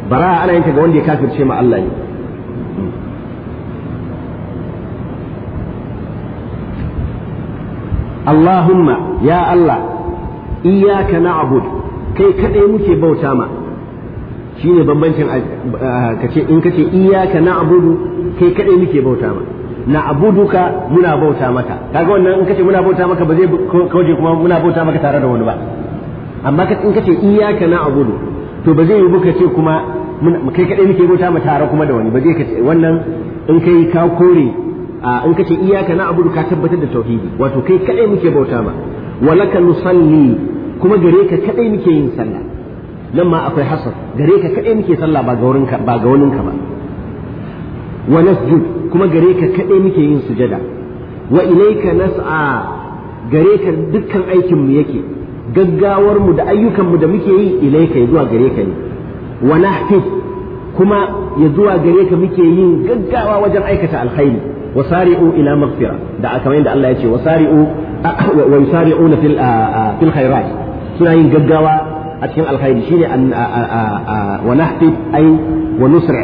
S1: bara'a ana yanka ga wanda ya kafirce ma Allah ne Allahumma ya Allah iyyaka na'budu kai kadai muke bauta ma shine bambancin kace in kace iyyaka na'budu kai kadai muke bauta ba na abuduka muna bauta maka kaga wannan in kace muna bauta maka ba zai kauje kuma muna bauta maka tare da wani ba amma in kace iyyaka na'budu to ba zai yi buka ce kuma kai kadai muke bauta ma tare kuma da wani ba zai kace wannan in kai ka kore in kace iyyaka na'budu ka tabbatar da tauhidi wato kai kadai muke bauta ma walaka nusalli kuma gare ka kadai muke yin sallah nan ma akwai hasar gare ka kaɗai muke sallah ba ga wurinka ba ga wurinka ba wa nasjud kuma gare ka kaɗai muke yin sujada wa ilayka nas'a gare ka dukkan aikin mu yake gaggawar mu da ayyukan mu da muke yi ilayka zuwa gare ka ne wa nahfid kuma ya zuwa gare ka muke yin gaggawa wajen aikata alkhairi wa sari'u ila maghfira da kamar yadda Allah ya ce wa sari'u wa yusari'una fil fil khairat suna yin gaggawa a cikin alkhairi shine wa nahfi ai wa nusra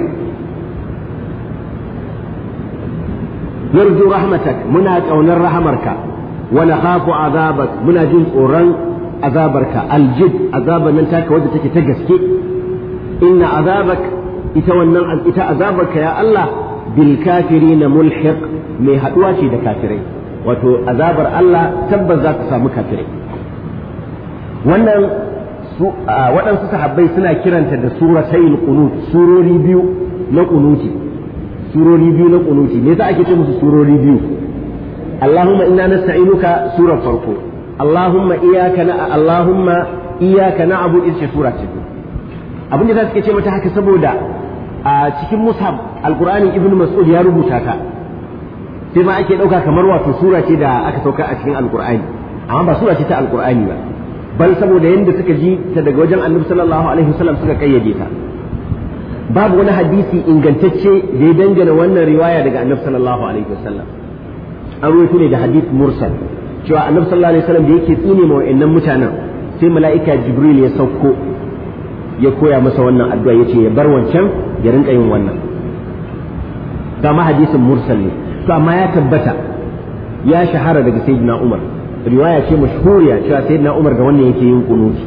S1: yarju rahmatak muna kaunar rahamarka wa nakhafu azabak muna jin tsoron azabarka aljid azabar nan taka wadda take ta gaske inna azabak ita wannan ita azabarka ya Allah bil kafirina mulhiq mai haduwa ce da kafirai wato azabar Allah tabbas za ta samu kafirai wannan su waɗansu sahabbai suna kiranta da al qunut surori biyu na qunuti surori biyu na qunuti me yasa ake ce musu surori biyu Allahumma inna nasta'inuka surar farko Allahumma iyyaka na Allahumma iyyaka na'budu ita sura ce abin da za su ce mata haka saboda a cikin mushaf alqur'ani ibn mas'ud ya rubuta ta sai ma ake dauka kamar wato sura ce da aka sauka a cikin alqur'ani amma ba sura ce ta alqur'ani ba bal saboda yadda suka ji ta daga wajen annabi sallallahu alaihi wasallam suka kayyade ta babu wani hadisi ingantacce da ya dangana wannan riwaya daga annabi sallallahu alaihi wasallam an ruwaito ne da hadith mursal cewa annabi sallallahu alaihi wasallam da yake tsine ma wa'annan mutanen sai mala'ika jibril ya sauko ya koya masa wannan addu'a yace ya bar wancan ya rinka yin wannan dama hadisin mursal ne to amma ya tabbata ya shahara daga sayyidina umar riwaya ce mashhuriya cewa na Umar ga wannan yake yin kunuti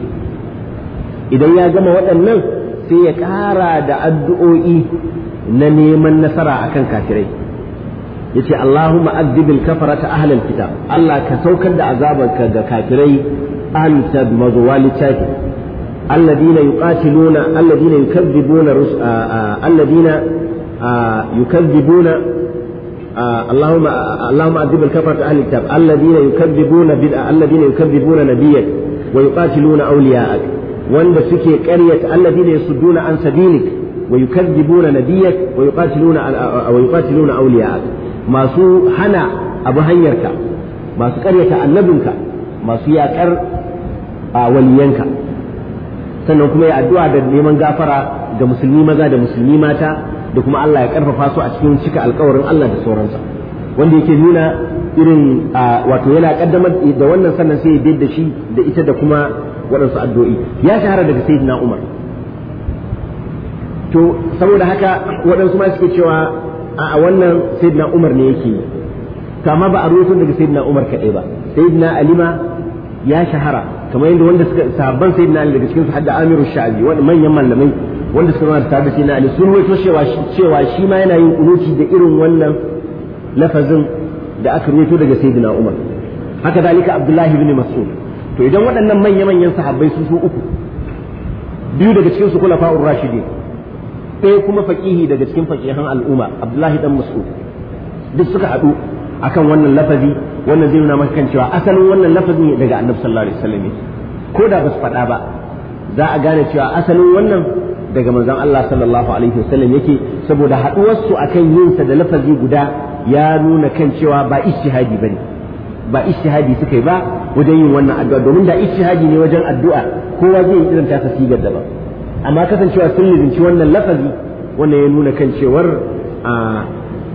S1: idan ya gama waɗannan sai ya ƙara da addu'o'i na neman nasara akan kafirai yace Allahumma azibil kafarata ahlal kitab Allah ka saukar da azabarka ga kafirai ahlul kitab mazuwa littafi alladina yuqatiluna alladina yukazzibuna alladina اللهم اللهم عذب الكفرة أهل الكتاب الذين يكذبون بدعة الذين يكذبون نبيك ويقاتلون أولياءك وأن سكي قرية الذين يصدون عن سبيلك ويكذبون نبيك ويقاتلون ويقاتلون أولياءك ما سو هنا أبو هنيرك ما سو قرية النبنك ما سو ياكر ولينك sannan kuma ya addu'a da neman gafara ga musulmi maza da musulmi mata da kuma Allah ya karfafa su a cikin cika alkawarin Allah da sauransa wanda yake nuna irin wato yana kaddamar da wannan sannan sai ya da shi da ita da kuma waɗansu addu'o'i ya shahara daga sayyidina Umar to saboda haka waɗansu ma suke cewa a wannan sayyidina Umar ne yake yi kama ba a ruwaito daga sayyidina Umar kaɗai ba sayyidina Alima ya shahara kamar yadda wanda suka sahabban sayyidina Ali daga cikin su hadda Amirul Sha'abi wanda manyan malamai wanda suka rawar tabbaci na ali sun wato cewa shi ma yana yin kunuti da irin wannan lafazin da aka rawaito daga sayyidina umar haka zalika abdullahi ibn mas'ud to idan waɗannan manya manyan sahabbai su su uku biyu daga cikin su kulafa'ur rashidin ɗaya kuma faqihi daga cikin faqihan al'umma abdullahi dan mas'ud duk suka haɗu akan wannan lafazi wannan zai nuna maka kan cewa asalin wannan lafazin daga annabi sallallahu alaihi wasallam ko da ba su faɗa ba za a gane cewa asalin wannan daga manzon Allah sallallahu alaihi wasallam yake saboda haduwar su akan yin sa da lafazi guda ya nuna kan cewa ba ijtihadi bane ba ijtihadi suka yi ba wajen yin wannan addu'a domin da ijtihadi ne wajen addu'a kowa zai yi irin tasa sigar ba. amma kasancewa sun lizinci wannan lafazi wannan ya nuna kan cewar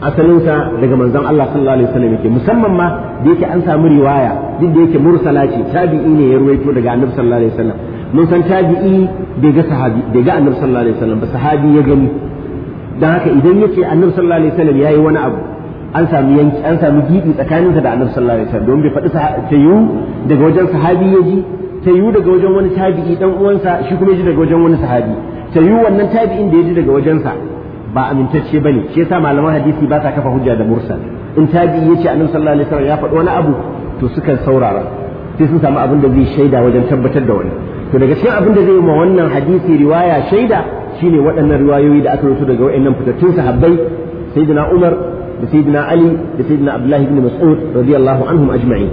S1: asalinsa daga manzon Allah sallallahu alaihi wasallam yake musamman ma da yake an samu riwaya duk da yake mursala ce tabi'i ne ya ruwaito daga annabi sallallahu alaihi wasallam mun san tabi'i bai ga sahabi bai ga annabi sallallahu alaihi wasallam ba sahabi ya gani dan haka idan yace annabi sallallahu alaihi wasallam yayi wani abu an sami yanki an samu gidi tsakaninsa da annabi sallallahu alaihi wasallam don bai faɗi ta yiwu daga wajen sahabi ya ji ta yiwu daga wajen wani tabi'i dan uwansa shi kuma ya ji daga wajen wani sahabi ta yiwu wannan tabi'in da ya ji daga wajensa ba amintacce bane shi yasa malaman hadisi ba sa kafa hujja da mursal in tabi'i yace annabi sallallahu alaihi wasallam ya faɗi wani abu to suka saurara sai sun samu abin da zai shaida wajen tabbatar da wani to daga cikin abin da zai ma wannan hadisi riwaya shaida shine waɗannan riwayoyi da aka rubuta daga waɗannan fitattun sahabbai sayyidina Umar da sayyidina Ali da sayyidina Abdullahi ibn Mas'ud radiyallahu anhum ajma'in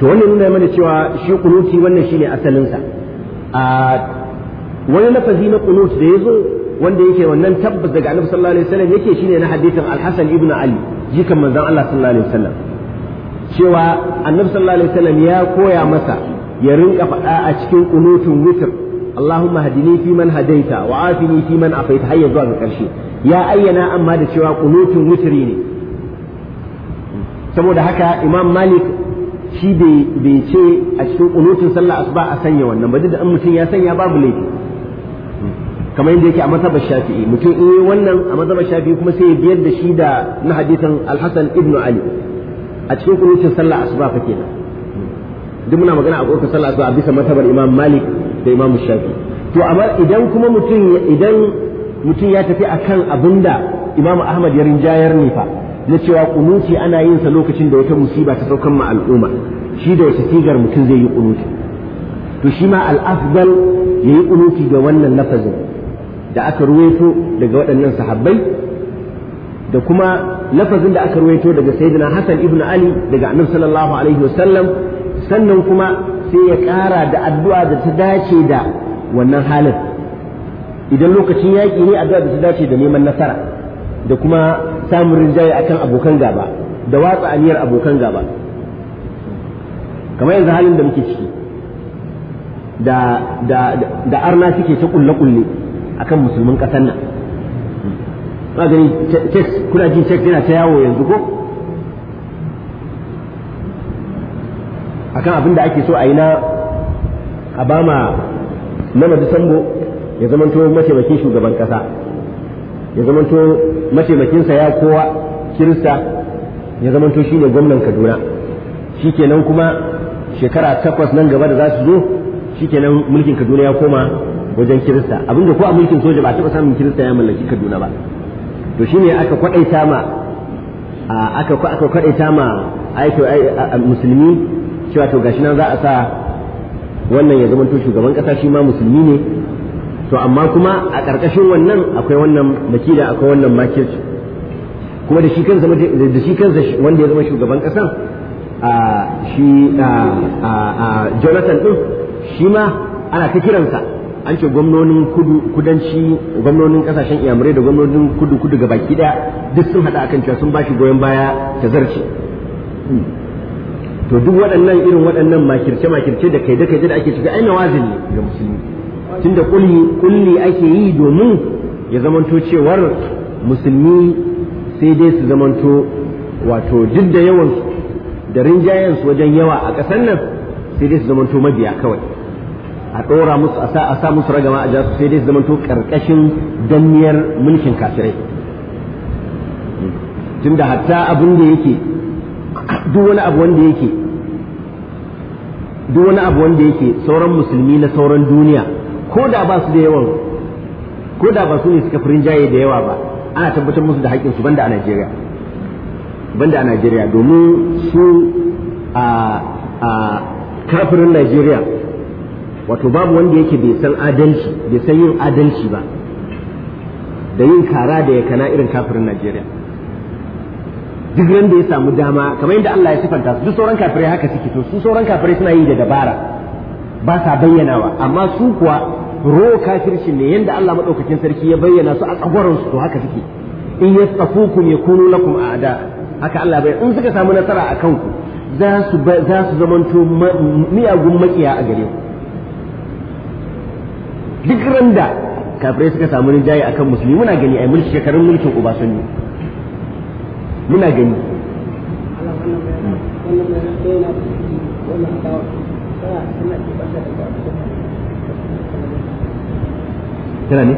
S1: to wannan nuna mana cewa shi kunuti wannan shine asalin sa a wani lafazi na kunut da yazo wanda yake wannan tabbas daga Annabi sallallahu alaihi wasallam yake shine na hadisin Al-Hasan ibn Ali jikan manzon Allah sallallahu alaihi wasallam cewa Annabi sallallahu alaihi wasallam ya koya masa ya rinka faɗa a cikin kunutun wutar Allahumma hadini fi man hadaita wa afini fi man afaita har ya zuwa ga ƙarshe ya ayyana amma da cewa kunutun wutar ne saboda haka Imam Malik shi bai ce a cikin kunutun sallah asuba a sanya wannan ba duk da an mutum ya sanya babu laifi kamar yadda yake a mazhabar shafi'i mutum in yi wannan a mazhabar shafi'i kuma sai ya biyar da shi da na hadisan Alhassan ibn Ali a cikin kunutun sallah asuba fa kenan duk muna magana a ƙoƙa sallah a bisa matabar imam malik da imam shafi to amma idan kuma mutum idan mutum ya tafi akan abinda imam ahmad ya rinjayar ne fa na cewa kunuti ana yin sa lokacin da wata musiba ta saukan ma al'umma shi da wata sigar mutum zai yi kunuti to shi ma al'afdal ya yi kunuti ga wannan lafazin da aka ruwaito daga waɗannan sahabbai da kuma lafazin da aka ruwaito daga sayyidina hasan ibnu ali daga annabi sallallahu alaihi wasallam sannan kuma sai ya ƙara da addu'a da ta dace da wannan halin idan lokacin yaƙi ne addu'a da ta dace da neman nasara da kuma samun rinjaye akan abokan gaba da watsa aniyar abokan gaba kamar yanzu halin da muke ciki da arna suke ta kulle kulle akan musulman ƙasar nan gani kuna jin cek yana ta yawo yanzu ko akan abin da ake so a yi na a ba ma namadi sambo ya zamanto mataimakin shugaban kasa ya zamanto mataimakinsa ya kowa kirista ya zamanto shi ne gwamnan kaduna shi kenan kuma shekara takwas nan gaba da za su zo shi kenan mulkin kaduna ya koma wajen kirista abinda ko a mulkin soja ba taɓa samun kirista ya mallaki kaduna ba to ne aka kwaɗaita ma aka kwaɗaita ma musulmi cewa to gashi nan za a sa wannan ya zama to shugaban kasa shi ma musulmi ne to amma kuma a ƙarƙashin wannan akwai wannan makida akwai wannan makirci kuma da shi kansa da shi kansa wanda ya zama shugaban kasa a shi a Jonathan din shi ma ana ta kiransa an ce gwamnonin kudu kudanci gwamnonin kasashen iyamurai da gwamnonin kudu kudu ga baki daya duk sun hada akan cewa sun ba shi goyon baya ta zarce hmm. to duk waɗannan irin waɗannan makirce makirce da kai da kai da ake shiga ai nawazin ne ga musulmi tunda kulli kulli ake yi domin ya zamanto cewar musulmi sai dai su zamanto wato duk da yawan da rinjayen su wajen yawa a ƙasar nan sai dai su zamanto mabiya kawai a ɗora musu a sa musu ragama a jasu sai dai su zamanto ƙarƙashin danniyar mulkin kafirai tunda hatta abin da yake duk wani abu wanda yake duk wani abu wanda yake sauran musulmi na sauran duniya ko da ba su da yawan ko da ba su ne suka firin jaye da yawa ba ana tabbatar musu da haƙƙinsu banda a Najeriya banda a Najeriya domin su a a kafirin Najeriya wato babu wanda yake bai san adalci bai san yin adalci ba da yin kara da ya kana irin kafirin Najeriya duk ran ya samu dama kamar yadda Allah ya sifanta su duk sauran kafirai haka suke to su sauran kafirai suna yi da dabara ba sa bayyanawa amma su kuwa ro kafirci ne yanda Allah madaukakin sarki ya bayyana su a tsagwaron su to haka suke in yastafukum yakunu lakum a'da haka Allah bai in suka samu nasara a kanku za su za su zamanto miyagun makiya a gare ku duk randa kafirai suka samu rinjaye akan musulmi muna gani ai mulki shekarun mulkin ubasanni muna gani tana ne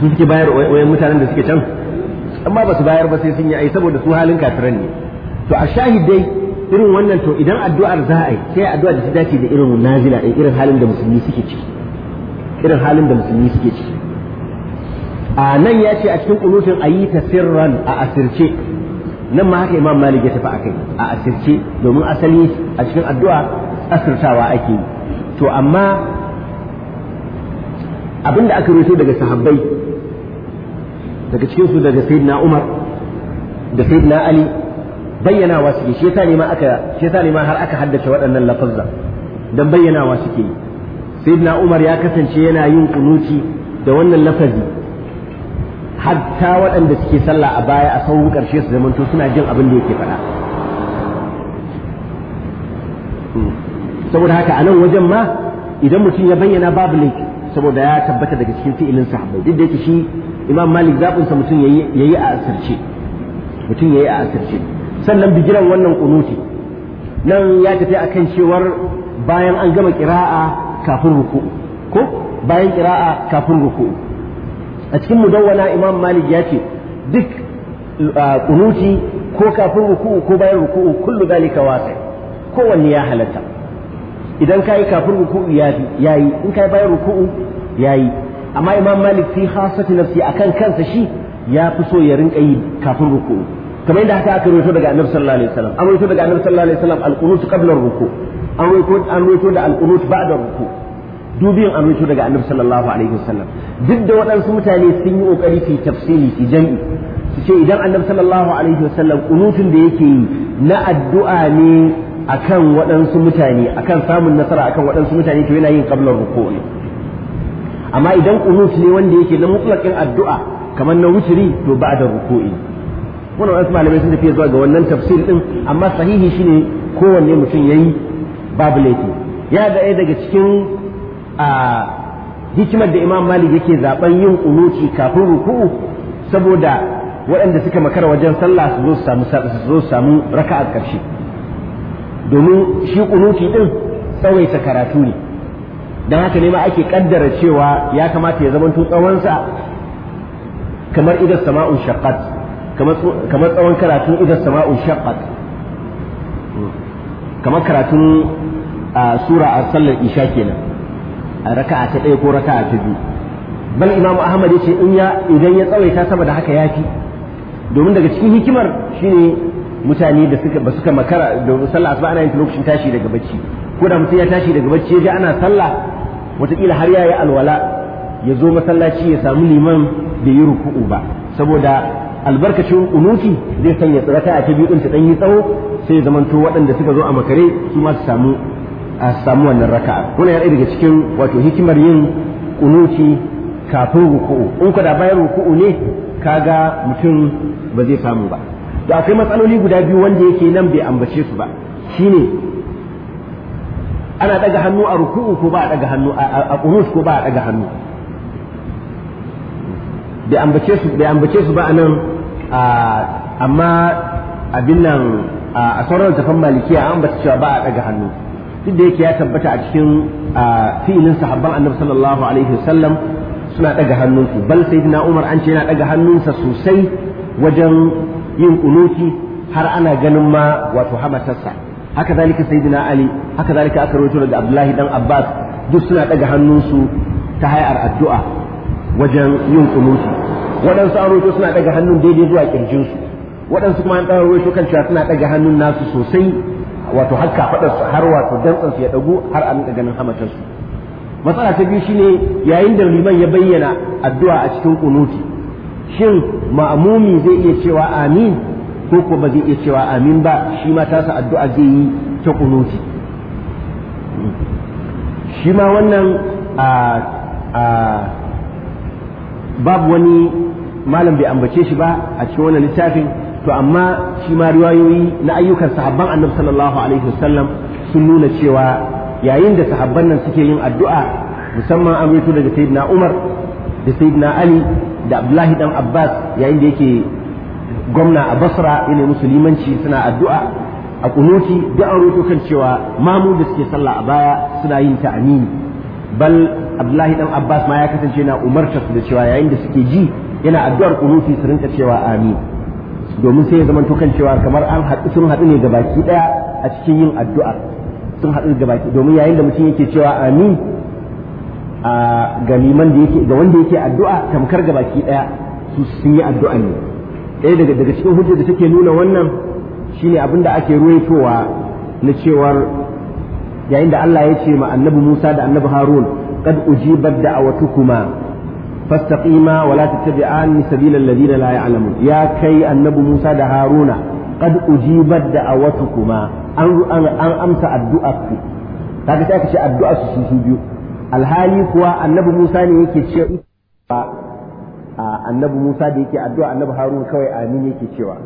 S1: su suke bayar wayan mutanen da suke can amma ba su bayar ba sai sun yi ai saboda su halin kafiran ne to a shahidai irin wannan to idan addu'ar za sai addu'ar da ta dace da irin nazila irin halin da musulmi suke ciki irin halin da musulmi suke ciki a nan ya ce a cikin kunutun a yi ta sirran a asirce nan ma haka imam malik ya tafi a kai a asirce domin asali a cikin addu'a asirtawa ake yi to amma abin da aka rubuto daga sahabbai daga cikinsu daga sayyidina umar da sayyidina ali bayyanawa suke shi yasa ne ma aka shi yasa ne ma har aka haddace waɗannan lafazza dan bayyanawa suke yi sayyidina umar ya kasance yana yin kunuti da wannan lafazi hatta waɗanda suke sallah a baya a sauran ƙarshe su zamanto suna jin abin da yake faɗa saboda haka a nan wajen ma idan mutum ya bayyana babu laifi saboda ya tabbata daga cikin fi'ilin sahabbai duk da yake shi imam malik zaɓinsa mutum ya yi a asirce mutum ya sannan bigiran wannan kunuti nan ya tafi akan cewar bayan an gama kira'a kafin ruku'u ko bayan kira'a kafin ruku'u a cikin mudawwana imam malik ya ce duk kunuti ko kafin ruku'u ko bayan ruku'u kullu zalika wasai kowanne ya halatta idan ka yi kafin ruku'u ya yi in ka yi bayan ruku'u ya yi amma imam malik fi hasati nafsi akan kansa shi ya fi so ya rinka yi kafin ruku'u kamar yadda haka aka rawaito daga annabi sallallahu alaihi wasallam an rawaito daga annabi sallallahu alaihi wasallam al-qunut qabla ruku' an roito an da al ba ba'da ruku dubiyan an roito daga annabi sallallahu alaihi wasallam duk da waɗansu mutane sun yi kokari su tafsiri su jam'i su ce idan annabi sallallahu alaihi wasallam qunutun da yake yi na addu'a ne akan waɗansu mutane akan samun nasara akan waɗansu mutane to yana yin qablar ruku ne amma idan qunut ne wanda yake na mutlaqin addu'a kamar na wuturi to ba'da ne wannan wasu malamai sun tafi zuwa ga wannan tafsir din amma sahihi shine kowanne mutum yayi babu laifi ya ga daga cikin a hikimar da imam malik yake zaben yin kunuci kafin ruku'u saboda waɗanda suka makara wajen sallah su zo su samu raka'ar ƙarshe domin shi kunuci din tsawaita karatu ne don haka ne ma ake ƙaddara cewa ya kamata ya zamanto tsawonsa kamar idan sama'un shaqqat kamar tsawon karatun idan sama'un shaqqat kamar karatun a sura a sallar isha kenan a raka'a ta ɗaya ko raka'a ta biyu bal imamu ahmad ya ce in ya idan ya tsawaita sama da haka yafi domin daga cikin hikimar shine mutane da suka ba suka makara da sallah asuba ana yin lokacin tashi daga bacci ko da mutum ya tashi daga bacci ya ji ana sallah wataƙila har ya yi alwala ya zo masallaci ya samu liman bai yi ruku'u ba saboda albarkacin unuki zai sanya tsaraka a ta biyu ɗin ta ɗan yi tsawo sai ya zamanto waɗanda suka zo a makare su ma su samu a samu wannan raka'a wannan yana daga cikin wato hikimar yin kunuti kafin ruku'u in ka da bayan ruku'u ne kaga mutum ba zai samu ba da akwai matsaloli guda biyu wanda yake nan bai ambace su ba shine ana daga hannu a ruku'u ko ba a daga hannu a kunut ko ba a daga hannu bai ambace su bai ambace su ba anan amma abin nan a sauran tafan malikiya an bata cewa ba a daga hannu duk da yake ya tabbata a cikin filin sahabban annabi sallallahu alaihi wasallam suna daga hannunsu bal na umar an ce yana daga hannunsa sosai wajen yin kunuti har ana ganin ma wato hamatarsa haka zalika sayyidina ali haka zalika aka rawaito daga abdullahi dan abbas duk suna daga hannunsu ta hayar addu'a wajen yin kunuti waɗansu an rawaito suna daga hannun daidai zuwa kirjinsu waɗansu kuma an rawaito kan cewa suna daga hannun nasu sosai wato har su har wato dantsansu ya dagu har a nan ganin su matsala ta biyu shine yayin da liman ya bayyana addu'a a cikin kunuti shin ma'amumi zai iya cewa amin ko ko ba zai iya cewa amin ba shi ma tasa addu'a zai yi ta kunuti shi ma wannan a a babu wani malam bai ambace shi ba a cikin wannan littafin to amma shi ma riwayoyi na ayyukan sahabban annabi sallallahu alaihi wasallam sun nuna cewa yayin da sahabban nan suke yin addu'a musamman an rito daga sayyidina Umar da sayyidina Ali da Abdullahi dan Abbas yayin da yake gwamna a Basra yana musulmanci suna addu'a a kunuti da an rito kan cewa mamu da suke sallah a baya suna yin ta amini bal Abdullahi dan Abbas ma ya kasance na umarta su da cewa yayin da suke ji yana addu'ar kunuti su rinka cewa amin domin sai ya zama tukan kan cewa kamar an haɗu sun haɗu ne gabaki ɗaya a cikin yin addu'a sun haɗu gabaki domin yayin da mutum yake cewa amin a ga da yake ga wanda yake addu'a tamkar gabaki ɗaya su sun yi addu'a ne ɗaya daga daga cikin hujjar da take nuna wannan shine abin da ake ruwaitowa na cewar yayin da Allah ya ce ma annabi Musa da annabi Harun qad ujibat da'awatukuma fastaqima wa la tattabi'an sabila alladhina la ya'lamun ya kai annabi Musa da Haruna qad ujibat da'awatukuma an an amsa addu'arku kaga sai aka ce addu'a su su biyu alhali kuwa annabi Musa ne yake cewa annabi Musa da yake addu'a annabi Harun kawai amin yake cewa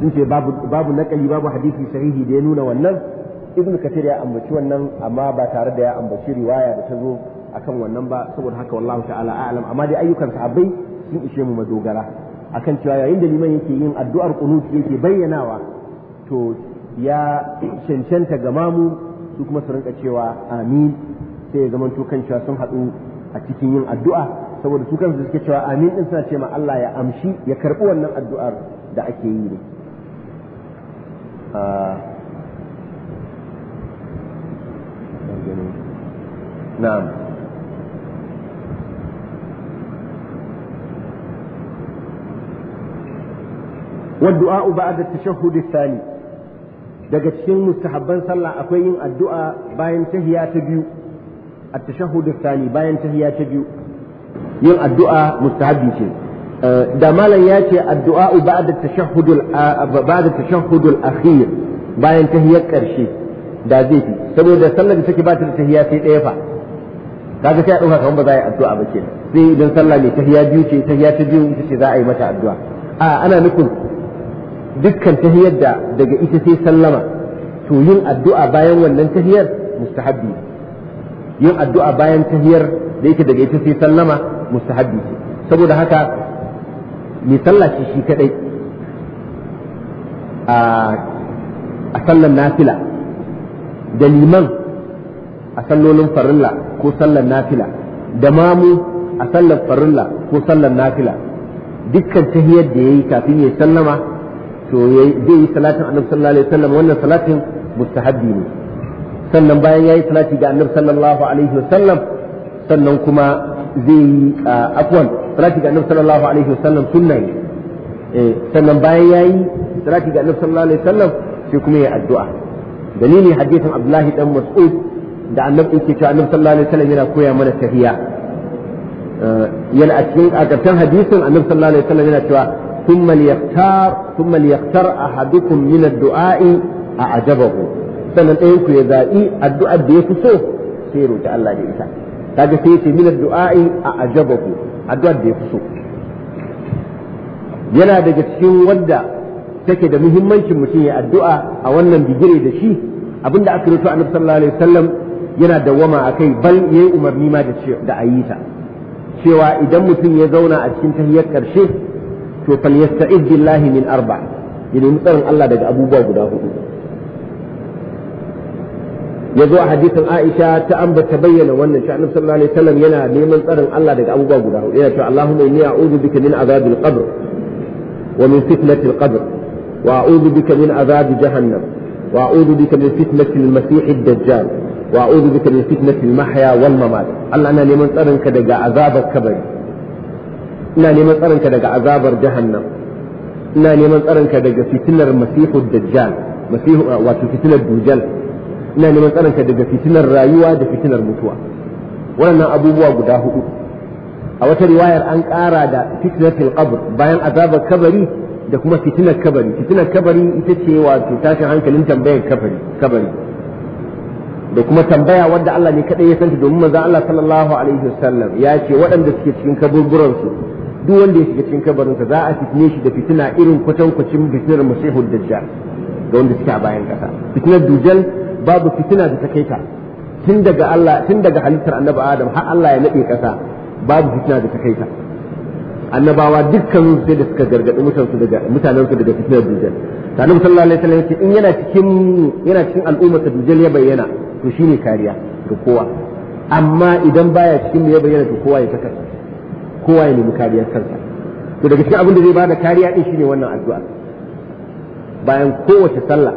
S1: sun ce babu nakali babu hadisi sahihi da ya nuna wannan ibnu kathir ya ambaci wannan amma ba tare da ya ambaci riwaya da ta zo akan wannan ba saboda haka wallahu ta'ala a'lam amma dai ayyukan sahabbai sun ishe mu madogara akan cewa yayin da liman yake yin addu'ar qunut yake bayyanawa to ya cancanta ga mamu su kuma su rinka cewa amin sai ya zamanto kan cewa sun haɗu a cikin yin addu'a saboda su kansu suke cewa amin din suna ce ma Allah ya amshi ya karɓi wannan addu'ar da ake yi ne ah. na'am والدعاء بعد التشهد الثاني daga cikin mustahabban sallah akwai yin addu'a bayan tahiya ta biyu a tashahhud ath-thani bayan tahiya ta biyu yin addu'a mustahabbi ce eh, da malam ya ce addu'a ba'da at-tashahhud ba'da at-tashahhud al-akhir bayan tahiyar ƙarshe da zai fi saboda sallar da take ba ta da tahiya sai ɗaya fa kaga sai a ɗauka kamar ba za a yi addu'a ba ke sai idan sallah ne tahiya biyu ce tahiya ta biyu ita ce za a yi mata addu'a a ana nufin dukkan tahiyar da daga ita sai sallama to yin addu'a bayan wannan tahiyar mustahabbi yin addu'a bayan tahiyar da yake daga ita sai sallama mustahabbi saboda haka mai sallah shi shi kadai a sallan nafila da liman a sallolin farilla ko sallan nafila da mamu a sallan farilla ko sallan nafila dukkan tahiyar da ya yi kafin ya sallama to zai yi salatin annabi sallallahu alaihi wasallam wannan salatin mustahabbi ne sannan bayan yayi salati ga annabi sallallahu alaihi wasallam sannan kuma zai yi afwan salati ga annabi sallallahu alaihi wasallam sunna ne eh, sannan bayan yayi salati ga annabi sallallahu alaihi wasallam sai kuma yayi addu'a dalili hadisin abdullahi dan mas'ud da annabi yake cewa annabi sallallahu alaihi wasallam yana koya mana tahiyya eh, yana a cikin a hadisin annabi sallallahu alaihi wasallam yana cewa ثم ليختار ثم ليختار أحدكم من الدعاء أعجبه sannan ɗayan ku ya zaɓi addu'ar da ya fi so sai ya roƙi Allah da ita kaga sai yace min addu'a'i a ajabahu addu'ar da ya fi so yana daga cikin wanda take da muhimmancin mutum ya addu'a a wannan bigire da shi abinda aka rito annabi sallallahu alaihi wasallam yana da dawwama akai bal yayi umarni ma da da ayita cewa idan mutum ya zauna a cikin tahiyyar karshe to falyasta'iz billahi min arba ya nemi tsarin Allah daga abubuwa guda hudu ya zo a hadisin Aisha ta ambata bayyana wannan shi annabi sallallahu alaihi wasallam yana neman tsarin Allah daga abubuwa guda hudu yana cewa Allahumma inni a'udhu bika min azabil qabr wa min fitnatil qabr wa a'udhu bika min azab jahannam wa a'udhu bika min fitnatil masih dajjal wa a'udhu bika min fitnatil mahya wal mamat Allah na neman tsarin ka daga azabar kabari ina neman tsaronka daga azabar jahannam ina neman tsaronka daga fitinar masihu dajjal masihu uh, wato fitinar dujal ina neman tsaronka daga fitinar rayuwa da fitinar mutuwa waɗannan abubuwa guda hudu a wata riwayar an ƙara da fitinar qabr bayan azabar kabari da kuma fitinar kabari fitinar kabari ita ce wato tashin hankalin tambayar kabari kabari da kuma tambaya wadda Allah ne kadai ya santa domin manzon Allah sallallahu alaihi wasallam ya ce waɗanda suke cikin kaburburan su duk wanda ya shiga cikin kabarinsa za a fitne shi da fitina irin kwacin fitinar masihu dajjal ga wanda suke a bayan kasa fitinar dujal babu fitina da ta kai ta tun daga Allah tun daga halittar annabi Adam har Allah ya nade kasa babu fitina da ta kai ta annabawa dukkan sai da suka gargadi mutansu daga mutanen su daga fitinar dujal sallallahu alaihi wasallam yace in yana cikin yana cikin al'ummar ta dujal ya bayyana to shine kariya ga kowa amma idan baya cikin ya bayyana to kowa ya takasa kowa ya nemi kariyar kansa to daga cikin abin da zai bada kariya din shine wannan addu'a bayan kowace sallah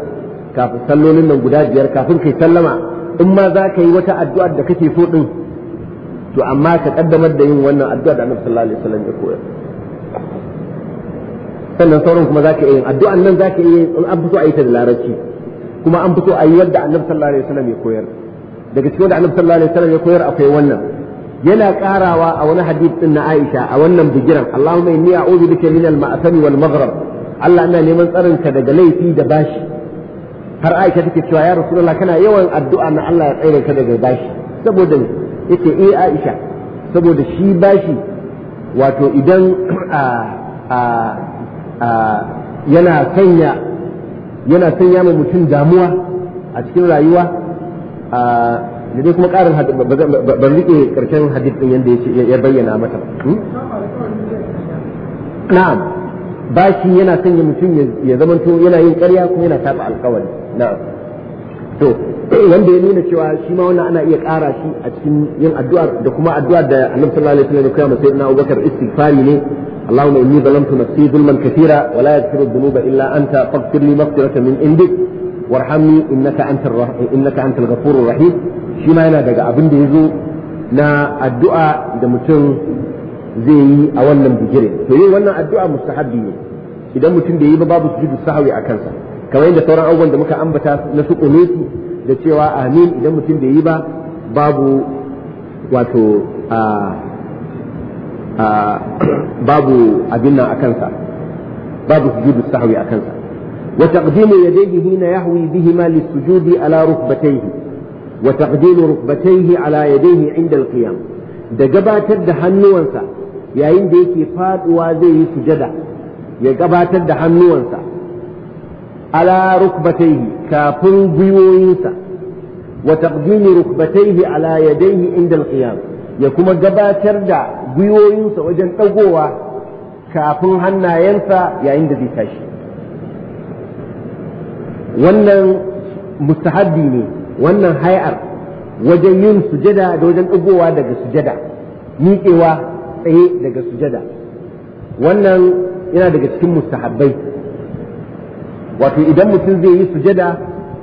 S1: kafin sallolin nan guda biyar kafin kai sallama in ma za ka yi wata addu'ar da kake so din to amma ka kaddamar da yin wannan addu'a da Annabi sallallahu alaihi wasallam ya koyar sannan sauran kuma za ka iya yin addu'an nan za ka iya in an fito a yi ta da larabci kuma an fito a yi yadda Annabi sallallahu alaihi wasallam ya koyar daga cikin da Annabi sallallahu alaihi wasallam ya koyar akwai wannan yana karawa a wani hadith din na Aisha a wannan bigiran Allahumma inni a'udhu bika min al-ma'tham wal maghrab Allah ina neman tsarin ka daga laifi da bashi har Aisha take cewa ya Rasulullah kana yawan addu'a na Allah ya tsare ka daga bashi saboda yake eh Aisha saboda shi bashi wato idan a a a yana sanya yana sanya mutum damuwa a cikin rayuwa a da dai kuma ƙarin ban riƙe ƙarshen hadith ɗin yadda ya bayyana mata hmm? na'am Ba shi yana sanya mutum ya zamanto yana yin ƙarya kuma yana saba alƙawari na'am to wanda ya nuna cewa shi ma wannan ana iya kara shi a cikin yin addu'ar da kuma addu'a da annabi sallallahu alaihi wasallam ya koya masa Abubakar istighfari ne inni zalamtu nafsi dhulman katira wa la yaghfiru dhunuba illa anta faghfir li maghfiratan min indik warhamni innaka antar innaka antal ghafurur rahim shi ma yana daga abin da yazo na addu'a da mutum zai yi a wannan bigirin to yi wannan addu'a mustahabbi ne idan mutum bai yi ba babu sujudu sahwi a kansa kamar yadda sauran abubuwan da muka ambata na su kunuti da cewa amin idan mutum bai yi ba babu wato a babu abin nan a kansa babu sujudu sahwi a kansa وتقديم يديه حين يهوي بهما للسجود على ركبتيه وتقديم ركبتيه على يديه عند القيام da gabatar da hannuwansa yayin da yake faɗuwa zai yi sujada ya gabatar da hannuwansa ala rukbatayhi kafin gwiwoyinsa wa rukbatayhi ala yadayhi inda ya kuma gabatar da gwiwoyinsa wajen dagowa kafin hannayensa yayin da zai tashi wannan mustahabbi ne wannan hay'ar wajen yin sujada da wajen ɗigowa daga sujada miƙewa tsaye daga sujada wannan yana daga cikin mustahabbai wato idan mutum zai yi sujada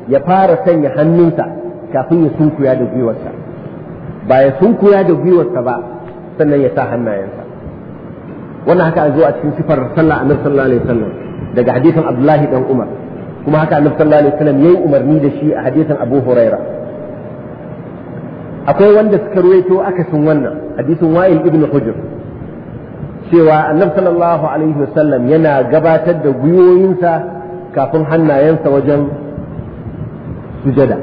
S1: ya fara sanya hannunsa kafin ya sunkuya da gwiwarsa ba ya sunkuya da gwiwarsa ba sannan ya sa hannayensa wannan haka an zo a cikin sifar sallah annabi sallallahu alaihi wasallam daga hadisin abdullahi dan umar kuma haka annabi sallallahu alaihi wasallam yayi umarni da shi a hadisin Abu Huraira akwai wanda suka ruwaito akasin wannan hadisin Wa'il ibn Hujr cewa annabi sallallahu alaihi wasallam yana gabatar da gwiwoyinsa kafin hannayensa wajen sujada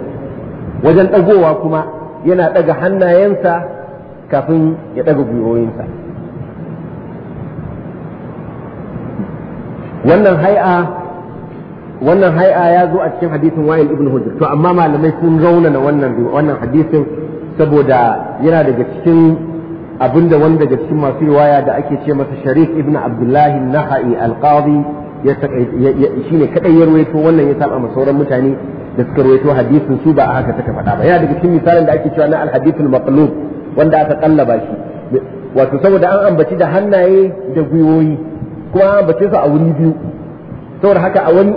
S1: wajen ɗagowa kuma yana ɗaga hannayensa kafin ya ɗaga gwiwoyinsa wannan hai'a wannan hai'a ya zo a cikin hadisin wa'il ibn hujr to amma malamai sun raunana wannan wannan hadisin saboda yana daga cikin abinda wani daga cikin masu riwaya da ake ce masa sharif ibn abdullahi nahai alqadi ya shine kadai ya ruwaito wannan ya saba sauran mutane da suka ruwaito hadisin su ba a haka suka faɗa ba yana daga cikin misalin da ake cewa na alhadithul maqlub wanda aka kallaba shi wato saboda an ambaci da hannaye da gwiwoyi kuma an ambace su a wuri biyu saboda haka a wani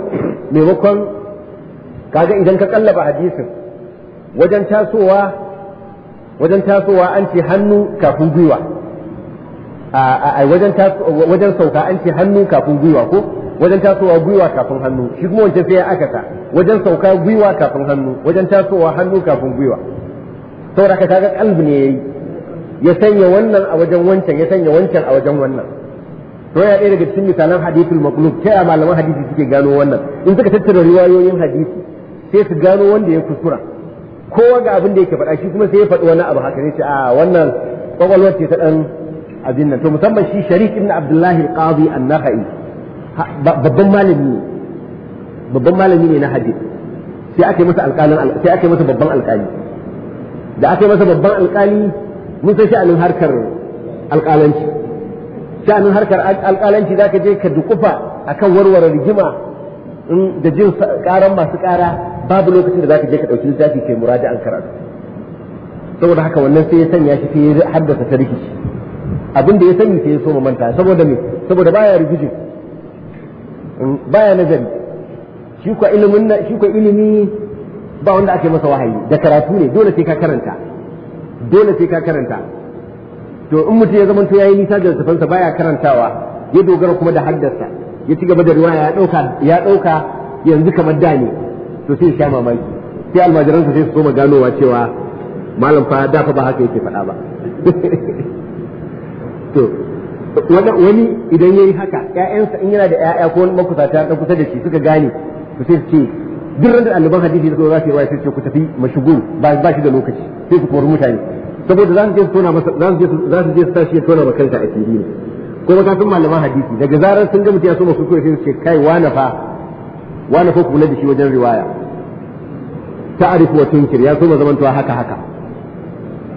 S1: maimakon kaga idan ka kallaba hadisin wajen tasowa wajen tasowa an ce hannu kafin gwiwa a wajen wajen sauka an ce hannu kafin gwiwa ko wajen tasowa gwiwa kafin hannu shi kuma wancan sai aka sa wajen sauka gwiwa kafin hannu wajen tasowa hannu kafin gwiwa saboda ka kaga kalbi ne yayi ya sanya wannan a wajen wancan ya sanya wancan a wajen wannan to ya ɗaya daga cikin misalan hadithul maqlub ta malaman hadisi suke gano wannan in suka tattara riwayoyin hadisi sai su gano wanda ya kusura kowa ga abin da yake faɗa shi kuma sai ya faɗi wani abu haka ne a wannan kwakwalwar ce ta ɗan abin nan to musamman shi sharik ibn abdullahi al-qadi an-nakhai babban malami ne babban malami ne na hadith sai aka yi masa alƙalin sai aka yi masa babban alƙali da aka yi masa babban alƙali mun sai san sha'anin harkar alƙalanci sha'anin harkar alƙalanci za ka je ka dukufa kan warware rigima da jin ƙaran masu ƙara babu lokacin da za ka je ka ɗauki littafi kai muradi an karatu saboda haka wannan sai ya sanya shi sai ya haddasa ta rikici abin da ya sanya sai ya so manta saboda me saboda baya rigijin baya nazari shi ko ilimin shi ko ilimi ba wanda ake masa wahayi da karatu ne dole sai ka karanta dole sai ka karanta to in mutum ya zamanto yayi nisa da littafansa baya karantawa ya dogara kuma da haddarsa ya ci gaba da riwaya ya dauka ya dauka yanzu kamar da ne to sai sha mamaki sai almajiransa sai su koma ganowa cewa malam fa dafa ba haka yake faɗa ba to wani idan yayi haka ƴaƴansa in yana da ƴaƴa ko wani makusata ta kusa da shi suka gane to sai su ce duk ran da ɗaliban hadisi suka za su yi waya sai su ce ku tafi mashugul ba shi da lokaci sai ku kori mutane saboda za su je su tona masa za su je za su je su tashi tona maka kanta asiri ne ko ka san malaman hadisi daga zarar sun ga ya so masu kuwa sai su ce kai wani fa wani fa kula da shi wajen riwaya ta'rif wa tunkir ya so zaman tuwa haka haka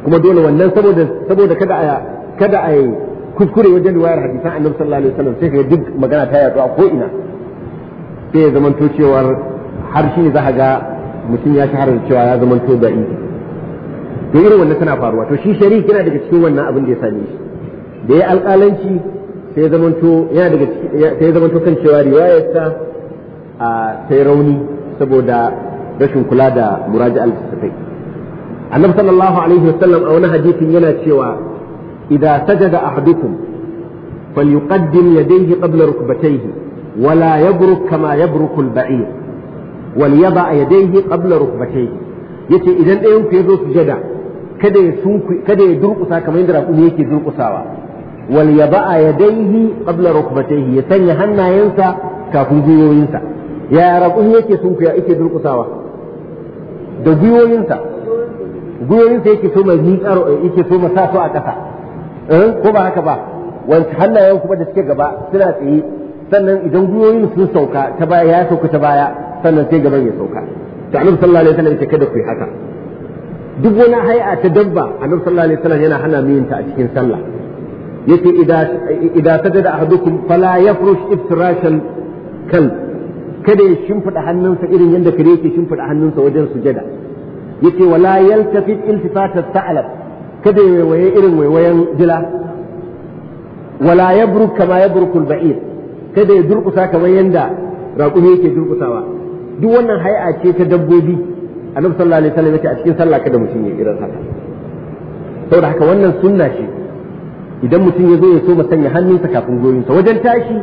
S1: kuma dole wannan saboda saboda kada a kada a kuskure wajen riwayar hadisan annabi sallallahu alaihi wasallam sai ka duk magana ta yaɗu a ko ina sai ya zamanto cewar har shi ne za ga mutum ya shahara da cewa ya zamanto da'i to irin wannan tana faruwa to shi shari'a yana daga cikin wannan abin da ya same shi da ya alƙalanci sai ya zamanto yana daga sai ya zamanto kan cewa riwayarsa a sai rauni saboda rashin kula da muraji muraja'al tafai annabi sallallahu alaihi wasallam a wani hadisin yana cewa idza sajada ahadukum falyuqaddim yadayhi qabla rukbatayhi ولا يبرك كما يبرك البعير وليضع يديه قبل ركبتيه yace idan ɗayan ku ya zo sujada kada ya sunku kada ya durkusa kamar yadda raƙumi yake durkusawa wal yaba'a yadayhi qabla rukbatayhi ya sanya hannayensa kafin gwiwoyinsa ya raƙumi yake sunku ya yake durkusawa da gwiwoyinsa gwiwoyinsa yake so mai miƙar yake so mai sa su a ƙasa eh, ko ba haka ba wani hannayen kuma da suke gaba suna tsaye sannan idan gwiwoyin sun sauka ta baya ya sauka ta baya sannan sai gaban ya sauka to annabi sallallahu alaihi wasallam ya ce kada ku yi haka duk wani hay'a ta dabba annabi sallallahu alaihi wasallam yana hana mu yin a cikin sallah yace idza idza sajada ahadukum fala yafrush iftirashal kal kada ya shimfida hannunsa irin yadda kare yake shimfida hannunsa wajen sujada yace wala yaltafit iltifata sa'alab kada ya waiwaye irin waiwayen jila wala yabruk kama yabrukul ba'ir kada ya durkusa kamar yanda raƙumi yake durkusawa duk wannan hay'a ce ta dabbobi annabi sallallahu alaihi wasallam yace a cikin sallah kada mutum ya irin haka saboda haka wannan sunna ce idan mutum ya zo ya so masanya hannunsa kafin goyinsa wajen tashi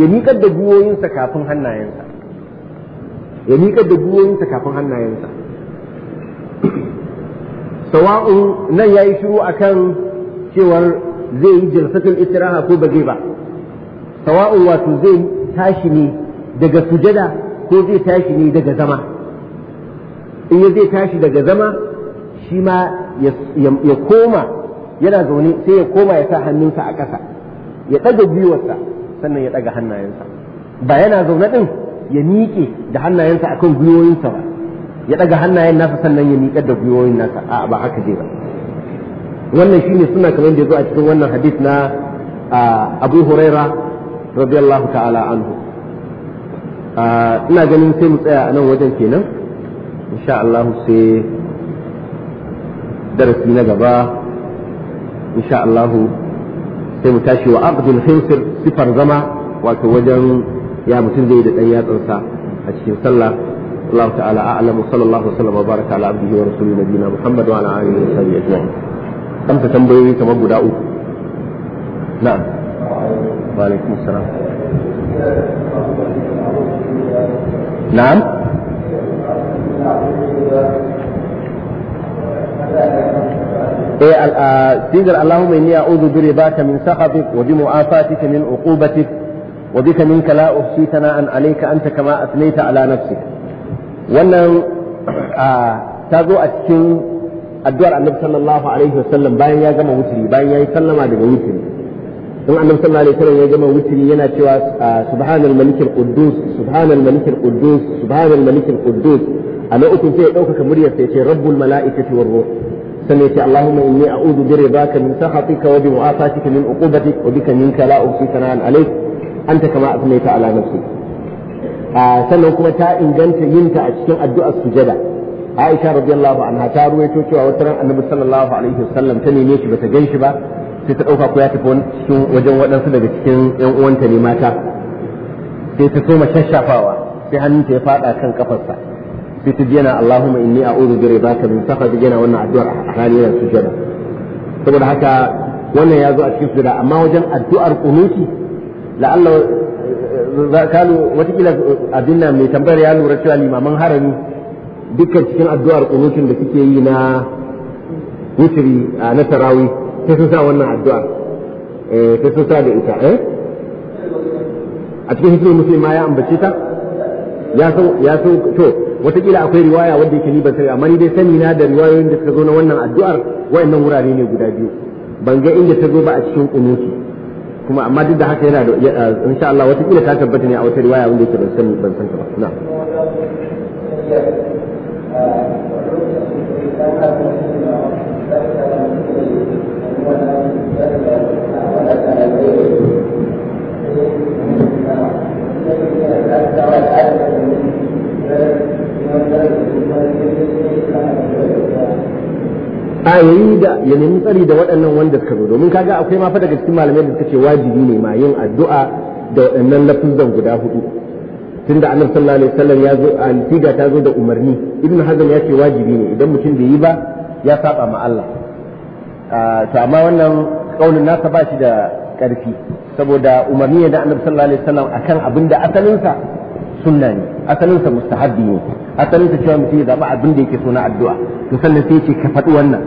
S1: ya miƙar da guwoyinsa kafin hannayensa ya miƙar da guwoyinsa kafin hannayensa sawa'un nan ya yi shiru akan cewar zai yi jalsatul istiraha ko ba zai ba sawa'un wato zai tashi ne daga sujada ko zai tashi ne daga zama in ya zai tashi daga zama shi ma ya koma yana zaune sai ya koma ya sa hannunsa a ƙasa ya ɗaga gwiwarsa sannan ya ɗaga hannayensa ba yana zaune ɗin ya miƙe da hannayensa akan gwiwoyinsa ba ya ɗaga hannayen nasa sannan ya miƙar da gwiwoyin nasa a ba haka je ba wannan shine suna kamar da ya zo a cikin wannan hadis na Abu Huraira radiyallahu ta'ala anhu ina ganin sai mu tsaya a nan wajen kenan insha Allah sai darasi na gaba insha Allah sai mu tashi wa abdul khinsir sifar zama wato wajen ya mutum zai da dan yatsansa a cikin sallah Allah ta'ala a'lamu sallallahu alaihi wa baraka ala abdihi wa rasulih nabiyina Muhammad wa ala alihi wa sahbihi ajma'in amsa tambayoyi kamar guda uku na'am wa alaikum assalam na'am سيدر اللهم إني أعوذ برباك من سخطك وبمعافاتك من عقوبتك وبك منك لا أحصي ثناء عليك أنت كما أثنيت على نفسك wannan ah, ta zo a cikin addu'ar annabi sallallahu alaihi wasallam bayan ya gama wuturi bayan ya yi sallama daga wuturi in annabi sallallahu alaihi wasallam ya gama wuturi yana cewa ah, subhanal malikil quddus subhanal malikil quddus subhanal malikil quddus a lokacin sai ya dauka muryar sai ya ce rabbul malaikati war ruh sannan ya ce allahumma inni a'udhu bi ridaka min sakhatika wa bi mu'afatika min uqubatik wa bika minka la uqsi sana'an alayk anta kama asmaita ala nafsi ah, sannan kuma ta inganta yinta a cikin addu'ar sujada Aisha radiyallahu anha ta ruwaito cewa wata ran Annabi sallallahu alaihi wasallam ta neme shi bata gan shi ba sai ta ɗauka ko ya tafi cikin wajen waɗansu daga cikin ‘yan uwanta ne mata sai ta soma shashafawa sai hannunta ya faɗa kan kafarsa sai ta na Allahumma inni a'udhu bi ridaka min sakhati yana wannan addu'ar a ranar sujada saboda haka wannan ya zo a cikin sujada amma wajen addu'ar kunuti la'alla za eh, eh, ka watakila eh, abin nan mai tambayar ya lura cewa limaman harami dukkan cikin addu'ar kunutin da suke yi na wutiri na tarawih sai sun sa wannan addu'a eh, sai sun sa da ita eh? a cikin hisnul musulmi ma ya ambace ta ya so ya so to wataƙila akwai riwaya wanda yake ni ban sani amma ni dai sani na da riwayoyin da suka zo na wannan addu'ar wayannan wurare ne guda biyu ban ga inda ta zo ba a cikin kunuti kuma amma duk da haka yana da uh, insha Allah wataƙila ta tabbata ne a wata riwaya wanda yake ban sani ban san ta ba na'am yayi da ya nemi tsari da waɗannan wanda suka zo domin kaga akwai ma fa daga cikin malamai da suka ce wajibi ne ma yin addu'a da waɗannan lafuzan guda hudu da annabi sallallahu alaihi wasallam ya zo al ta zo da umarni ibnu hazm ya ce wajibi ne idan mutum bai yi ba ya saba ma Allah to amma wannan kaunin nasa ba shi da karfi saboda umarni ya da annabi sallallahu alaihi wasallam akan abin da asalinsa sunna ne asalinsa mustahabbi ne asalinsa cewa mutum ya zaba abin da yake so na addu'a to sallan sai ce ka faɗi wannan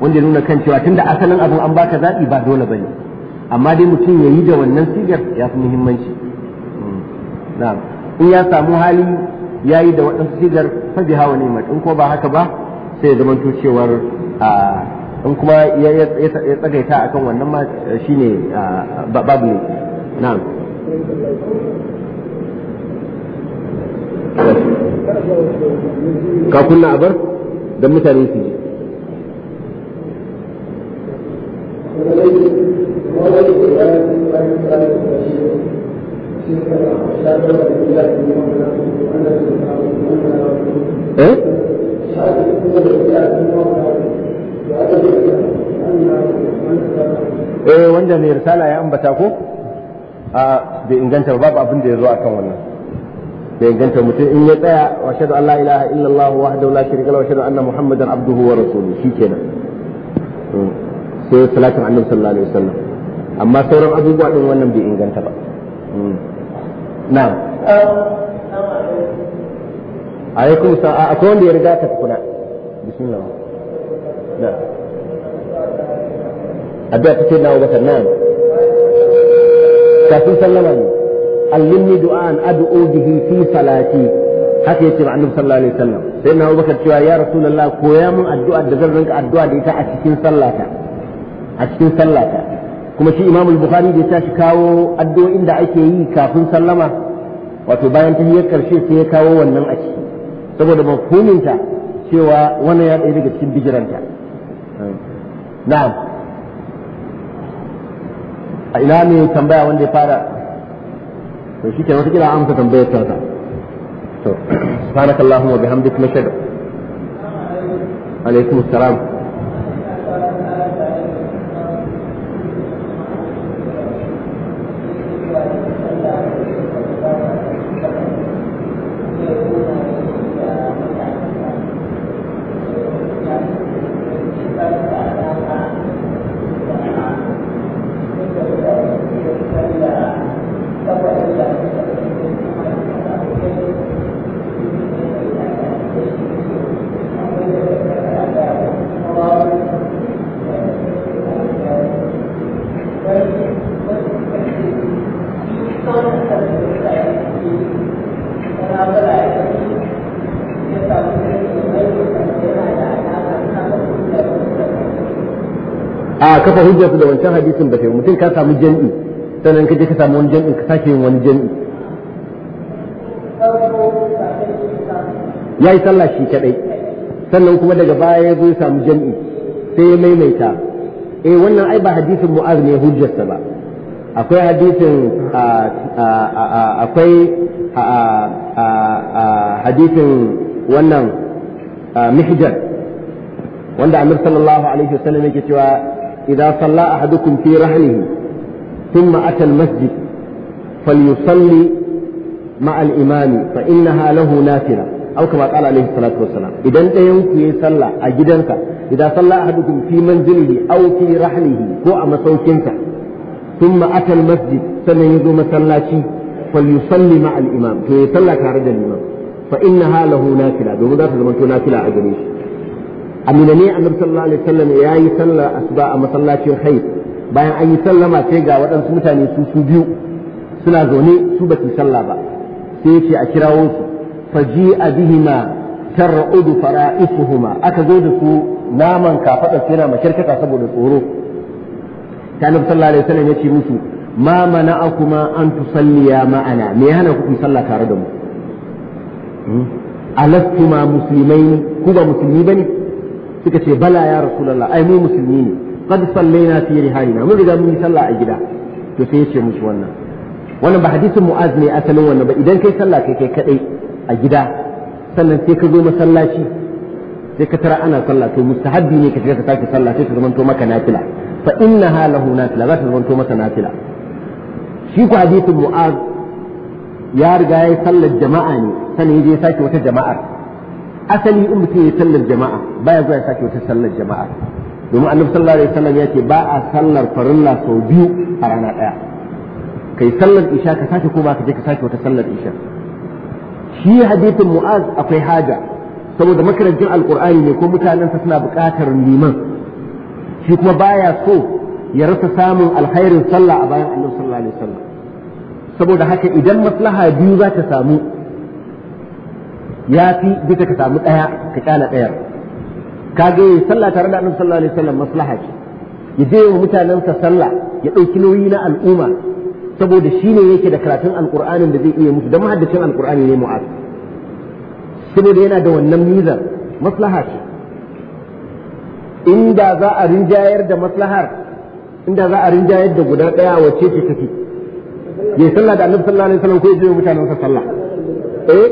S1: wanda nuna kan cewa tunda asalin abin an baka zaɓi ba dole bane amma dai mutum ya yi da wannan sigar ya fi muhimmanci mm. na'am in ya samu hali ya yi da waɗansu sigar fa bi hawa ne in ko ba haka ba sai ya zamanto cewar a in kuma ya tsagaita akan wannan ma shine babu ne na'am ka kunna abar don mutane su ji Eh? eh wanda mai risala ya ambata ko a bai inganta ba babu abin da ya zo akan wannan bai inganta mutum in ya tsaya wa shaɗu an la ilaha illallah wahdahu la sharika wa shaɗu anna muhammadan abduhu wa rasuluhu shikenan hmm. sai salatin annabi sallallahu alaihi wasallam amma sauran abubuwa din wannan bai inganta ba hmm. na'am alaikum sa'a akwai wanda ya riga ka tukuna bismillah na abiya take ce na wata nan kafin sallama ne allimni du'an ad'u bihi fi salati haka yace ba annabi sallallahu alaihi wasallam sai na Abubakar cewa ya rasulullah koya mun addu'a da zan rinka addu'a da ita a cikin sallata a cikin sallata kuma shi imam bukhari da ya shi kawo addu'o'in da ake yi kafin sallama wato bayan ta tahiyyar karshe sai ya kawo wannan a ciki saboda mafhuminta cewa wannan ya ɗaya daga cikin bijiranta na'am a ina ne tambaya wanda ya fara to shi ke wata kila amsa tambayar ta to subhanakallahumma bihamdika nashhadu alaikum assalam kafa hujjar su da wancan hadisin ba kai mutum ka samu jan'i sannan ka je ka samu wani jan'i ka sake yin wani jan'i ya yi sallah shi kadai sannan kuma daga baya ya zo ya samu jan'i sai ya maimaita eh wannan ai ba hadisin mu'az ne hujjarsa ba akwai hadisin akwai hadisin wannan mihjar wanda amir sallallahu alaihi wasallam yake cewa إذا صلى أحدكم في رحله ثم أتى المسجد فليصلي مع الإمام فإنها له نافلة أو كما قال عليه الصلاة والسلام إذا أنت ينكي صلى أجدنك إذا صلى أحدكم في منزله أو في رحله هو مسوكنك ثم أتى المسجد سنيذ مسلاتي فليصلي مع الإمام فيصلى كعرج الإمام فإنها له نافلة بمدافع من نافلة أجريش amina ne annabi sallallahu alaihi wasallam yi sallar asuba a masallacin khayr bayan an yi sallama sai ga waɗansu mutane su su biyu suna zaune su ba su sallah ba sai ya ce a kirawo su faji'a bihima tar'udu fara'isuhuma aka zo da su naman kafada yana makarkata saboda tsoro ta annabi sallallahu alaihi wasallam ya ce musu ma mana'akuma an tusalliya ma'ana me hana ku sallah tare da mu hmm? alastuma muslimai ku ba musulmi bane suka ce bala ya rasulullah ai mu musulmi ne qad sallaina fi rihalina mun riga mun yi sallah a gida to sai ya ce musu wannan wannan ba hadisin mu'az ne asalin wannan ba idan kai sallah kai kai kadai a gida sannan sai ka zo masallaci sai ka tara ana sallah to mustahabbi ne ka shiga ka sake sallah sai ta zamanto maka nafila fa innaha lahu nafila za ta zamanto masa nafila shi ku hadisin mu'az ya riga ya yi sallar jama'a ne sannan ya je sake wata jama'ar asali in mutum ya sallar jama'a baya zuwa ya sake wata sallar jama'a domin annabi sallallahu alaihi wasallam ya ce ba a sallar farilla sau biyu a rana ɗaya kai sallar isha ka sake koma ka je ka sake wata sallar isha shi hadithin mu'az akwai haja saboda makarantar alkur'ani ne ko mutanensa suna buƙatar liman shi kuma baya so ya rasa samun alkhairin sallah a bayan annabi sallallahu alaihi wasallam saboda haka idan maslaha biyu za ta samu ya fi duka ka samu ɗaya ka kyala ɗayar kaga yi sallah tare da annabi sallallahu alaihi wasallam maslaha ce ya je wa mutanensa sallah ya ɗauki nauyi na al'umma saboda shi ne yake da karatun alƙur'anin da zai iya musu da mahaddacin alqur'ani ne mu'az saboda yana da wannan mizan maslaha ce inda za a rinjayar da maslahar inda za a rinjayar da guda ɗaya wacce ce take ya sallah da annabi sallallahu alaihi wasallam ko ya je wa mutanensa sallah eh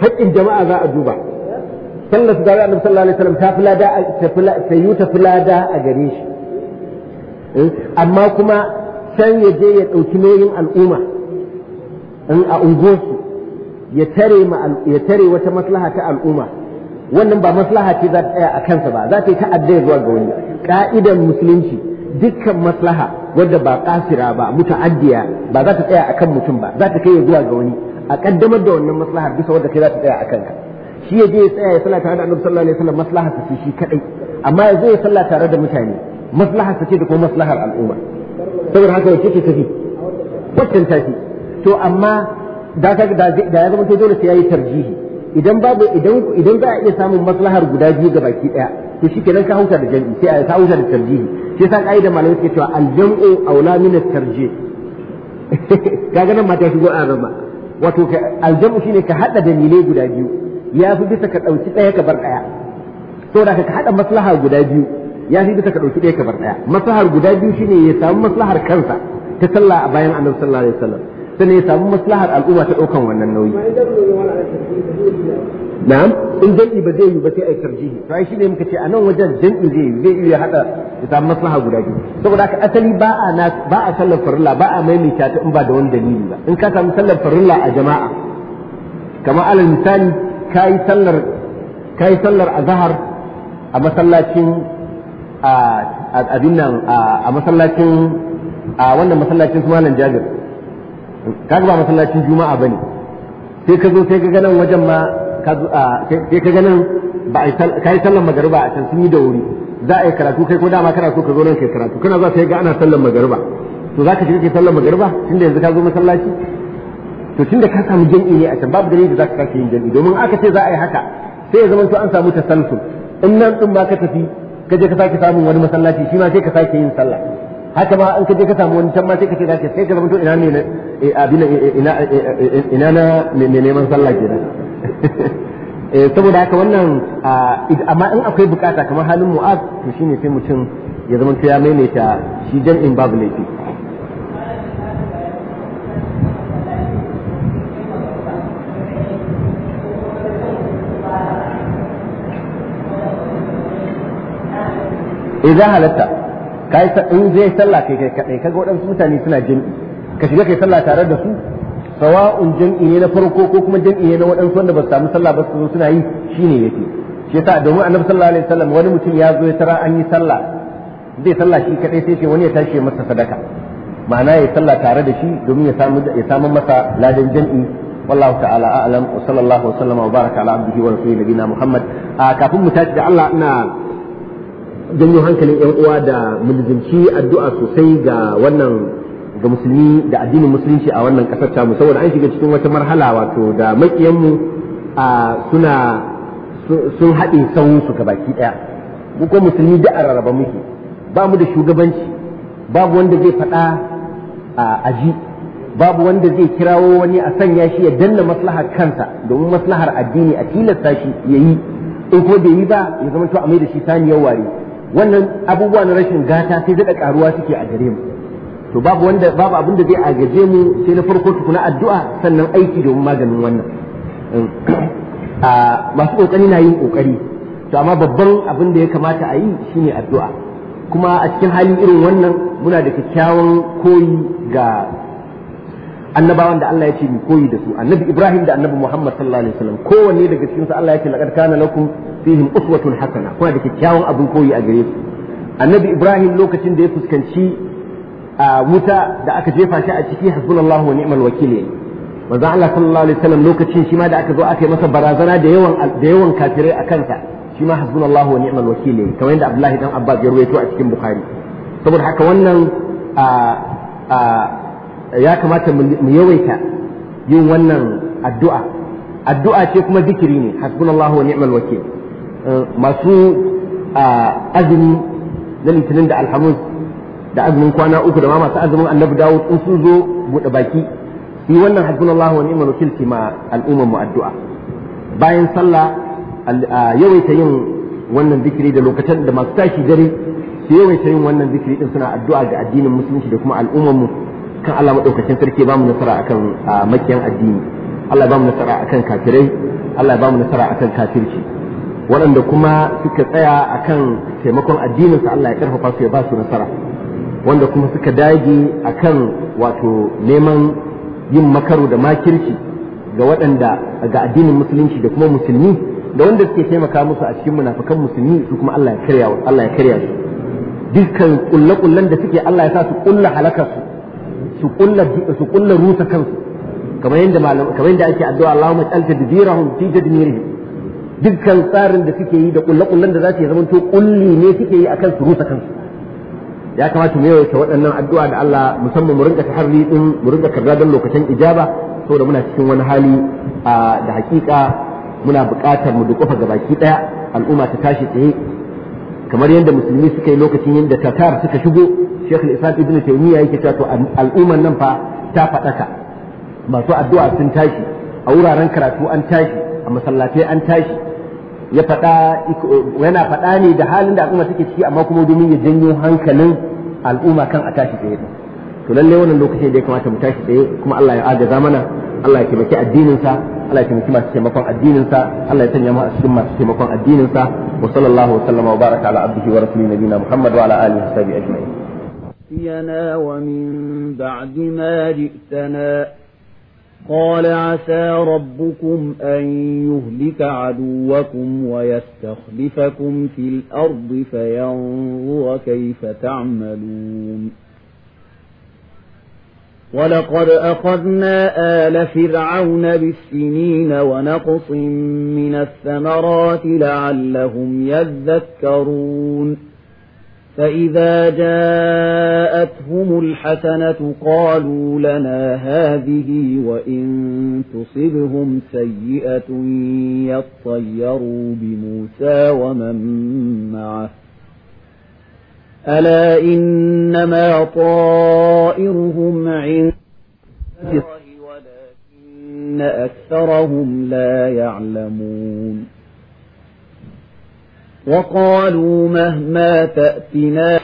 S1: haƙƙin jama'a za a duba sannan su gari annabi sallallahu alaihi wasallam ta fulada ta yi ta da a gare shi eh, amma kuma can ya je ya ɗauki nauyin al'umma a unguwarsu ya tare wata maslaha ta al'umma wannan ba maslaha ce za ta tsaya a kansa ba za ta yi ta'adda zuwa ga wani ka'idan musulunci dukkan maslaha wadda ba kasira ba muta'addiya ba za ta tsaya akan mutum ba za ta kai zuwa ga wani a kaddamar da wannan maslahar bisa wanda kai za ta tsaya a kanka shi ya je ya tsaya ya sallah tare da annabi sallallahu alaihi wasallam maslaha ta ce shi kadai amma ya zo ya sallah tare da mutane maslahar ta ce da kuma maslahar al'umma saboda haka wace ce tafi waccan tafi to amma da ka da ya zama to dole sai yayi tarjihi idan babu idan idan za a iya samun maslahar guda biyu ga baki daya to shikenan ka hauta da jami'i sai a ka hauta da tarjihi sai san kaida malamai suke cewa al-jam'u aula min at-tarjih kaga nan ma ta shigo a rama wato aljamu shine ka hada dalilai guda biyu ya fi bisa ka ɗauki ɗaya ka bar ɗaya saboda ka hada maslaha guda biyu ya fi bisa ka ɗauki ɗaya ka bar ɗaya maslahar guda biyu shine ya samu maslahar kansa ta sallah a bayan annabi sallallahu alaihi wasallam sannan ya samu maslahar al'umma ta ɗaukan wannan nauyi na'am in jam'i ba zai yi ba sai ai tarjihi to ai shine muka ce a nan wajen jam'i zai yi zai iya hada ya samu maslaha guda biyu saboda haka asali ba a na ba a sallar farilla ba a maimaita ta in ba da wani dalili ba in ka samu sallar farilla a jama'a kamar alal misali kai sallar kai sallar azhar a masallacin a abin nan a masallacin a wannan masallacin su malam jabir kaga ba masallacin juma'a bane sai ka zo sai ka ganin wajen ma sai ka ganin ba kai sallan magariba a can sun yi da wuri za a yi karatu kai ko dama kana so ka zo nan kai karatu kana za sai ga ana sallan magariba to za ka shiga kai sallan magariba tunda yanzu ka zo masallaci to tunda ka samu jami'i ne a can babu dalili da za ka sake yin jami'i domin aka ce za a yi haka sai ya zama to an samu tasalsul in nan din ba ka tafi ka je ka sake samun wani masallaci shi ma sai ka sake yin sallah haka ma an kaje ka samu wani can ma sai ka ce zaka sai ka zama to ina ne eh, abin eh, ina eh, ina na ne neman sallah kenan saboda haka wannan amma in akwai bukata kamar halin mu'az to shine sai mutum ya zama to ya maimaita shi in babu laifi إذا هلتا kai in zai sallah kai kai kadai kaga waɗansu mutane suna jami'i ka shiga kai sallah tare da su sawa'un jami'i ne na farko ko kuma jami'i ne na waɗansu wanda ba su samu sallah ba su suna yi shine yake shi yasa domin annabi sallallahu alaihi wasallam wani mutum ya zo ya tara an yi sallah zai sallah shi kadai sai ce wani ya tashi masa sadaka ma'ana ya sallah tare da shi domin ya samu ya samu masa ladan jami'i wallahu ta'ala a'lam wa sallallahu wa sallama wa baraka ala abdihi wa rasulih nabina muhammad kafin mu tashi da Allah ina janyo hankalin yan uwa da mulzimci addu'a sosai ga wannan ga musulmi da addinin musulunci a wannan kasar ta mu saboda an shiga cikin wata marhala wato da makiyan mu a suna sun haɗe sauyin su baki ɗaya mu ko musulmi da araraba muke ba mu da shugabanci babu wanda zai faɗa a aji babu wanda zai kirawo wani a sanya shi ya danna maslahar kansa domin maslahar addini a tilasta shi ya yi in ko bai yi ba ya zama to a mai da shi saniyar ware wannan abubuwa na rashin gata sai daɗa ƙaruwa suke a gare mu to babu wanda babu abin da zai agaje mu sai na farko tukuna addu'a sannan aiki domin maganin wannan mm. a masu kokari na yin kokari to amma babban abin da ya kamata a yi shine addu'a kuma a cikin halin irin wannan muna da kyakkyawan koyi ga annabawan da Allah ya ce mu koyi da su annabi Ibrahim da annabi Muhammad sallallahu alaihi wasallam kowanne daga cikin su Allah ya ce laqad kana lakum fihim uswatun hasana kuna da kyakkyawan abin koyi a gare su annabi Ibrahim lokacin da ya fuskanci wuta da aka jefa shi a ciki hasbunallahu wa ni'mal wakil yayi manzo Allah sallallahu alaihi wasallam lokacin shi ma da aka zo aka yi masa barazana da yawan da yawan kafirai a kansa shi ma hasbunallahu wa ni'mal wakil yayi kamar yadda Abdullahi dan Abbas ya ruwaito a cikin Bukhari saboda haka wannan a ya kamata mu yawaita yin wannan addu'a addu'a ce kuma zikiri ne hasbunallahu wa ni'mal wakil eh, masu azumi na litinin da alhamis da azumin kwana uku da ma masu azumin annabi dawo in sun zo buɗe baki yi wannan hasbunallahu wa ni'mal wakil ce ma al'ummar mu addu'a bayan sallah yawaita yin wannan zikiri da lokacin da masu tashi dare su yawaita yin wannan zikiri din suna addu'a ga addinin musulunci da kuma al'ummar mu kan Allah madaukakin sarki ba mu nasara akan makiyan addini Allah ba mu nasara akan kafirai Allah ba mu nasara akan kafirci waɗanda kuma suka tsaya akan taimakon addinin sa Allah ya karfafa su ya ba su nasara wanda kuma suka dage akan wato neman yin makaru da makirci ga waɗanda ga addinin musulunci da kuma musulmi da wanda suke taimaka musu a cikin munafikan musulmi su kuma Allah ya karya Allah ya karya su dukkan kullakullan da suke Allah ya sa su kullu halakasu su kulla su kulla rusa kansu kamar yadda malam kamar yadda ake addu'a Allahumma ij'al tadbirahum fi tadmirihim dukkan tsarin da suke yi da kullakullan da za su yi zaman to kulli ne suke yi akan su rusa kansu ya kamata mu yawaita waɗannan addu'a da Allah musamman mu rinka taharri din mu rinka karra dan lokacin ijaba saboda muna cikin wani hali da hakika muna buƙatar mu dukufa ga baki ɗaya al'umma ta tashi tsaye kamar yadda musulmi suka yi lokacin yadda tatar suka shigo Sheikh Islam Ibn Taymiyyah yake cewa to al'ummar nan fa ta faɗaka masu addu'a sun tashi a wuraren karatu an tashi a masallatai an tashi ya faɗa yana faɗa ne da halin da al'umma take ciki amma kuma domin ya janyo hankalin al'umma kan a tashi tsaye to lalle wannan lokacin da ya kamata mu tashi tsaye kuma Allah ya agaza mana Allah ya taimaki addinin sa Allah ya taimaki masu taimakon addinin sa Allah ya sanya mu a cikin masu taimakon addinin sa wa sallallahu wa sallama wa baraka ala abdihi wa rasulihi nabiyina Muhammad wa ala alihi wa sahbihi ajma'in
S2: تأتينا ومن بعد ما جئتنا قال عسى ربكم أن يهلك عدوكم ويستخلفكم في الأرض فينظر كيف تعملون ولقد أخذنا آل فرعون بالسنين ونقص من الثمرات لعلهم يذكرون فإذا جاءتهم الحسنة قالوا لنا هذه وإن تصبهم سيئة يطيروا بموسى ومن معه ألا إنما طائرهم عند الله ولكن أكثرهم لا يعلمون وقالوا مهما تأتنا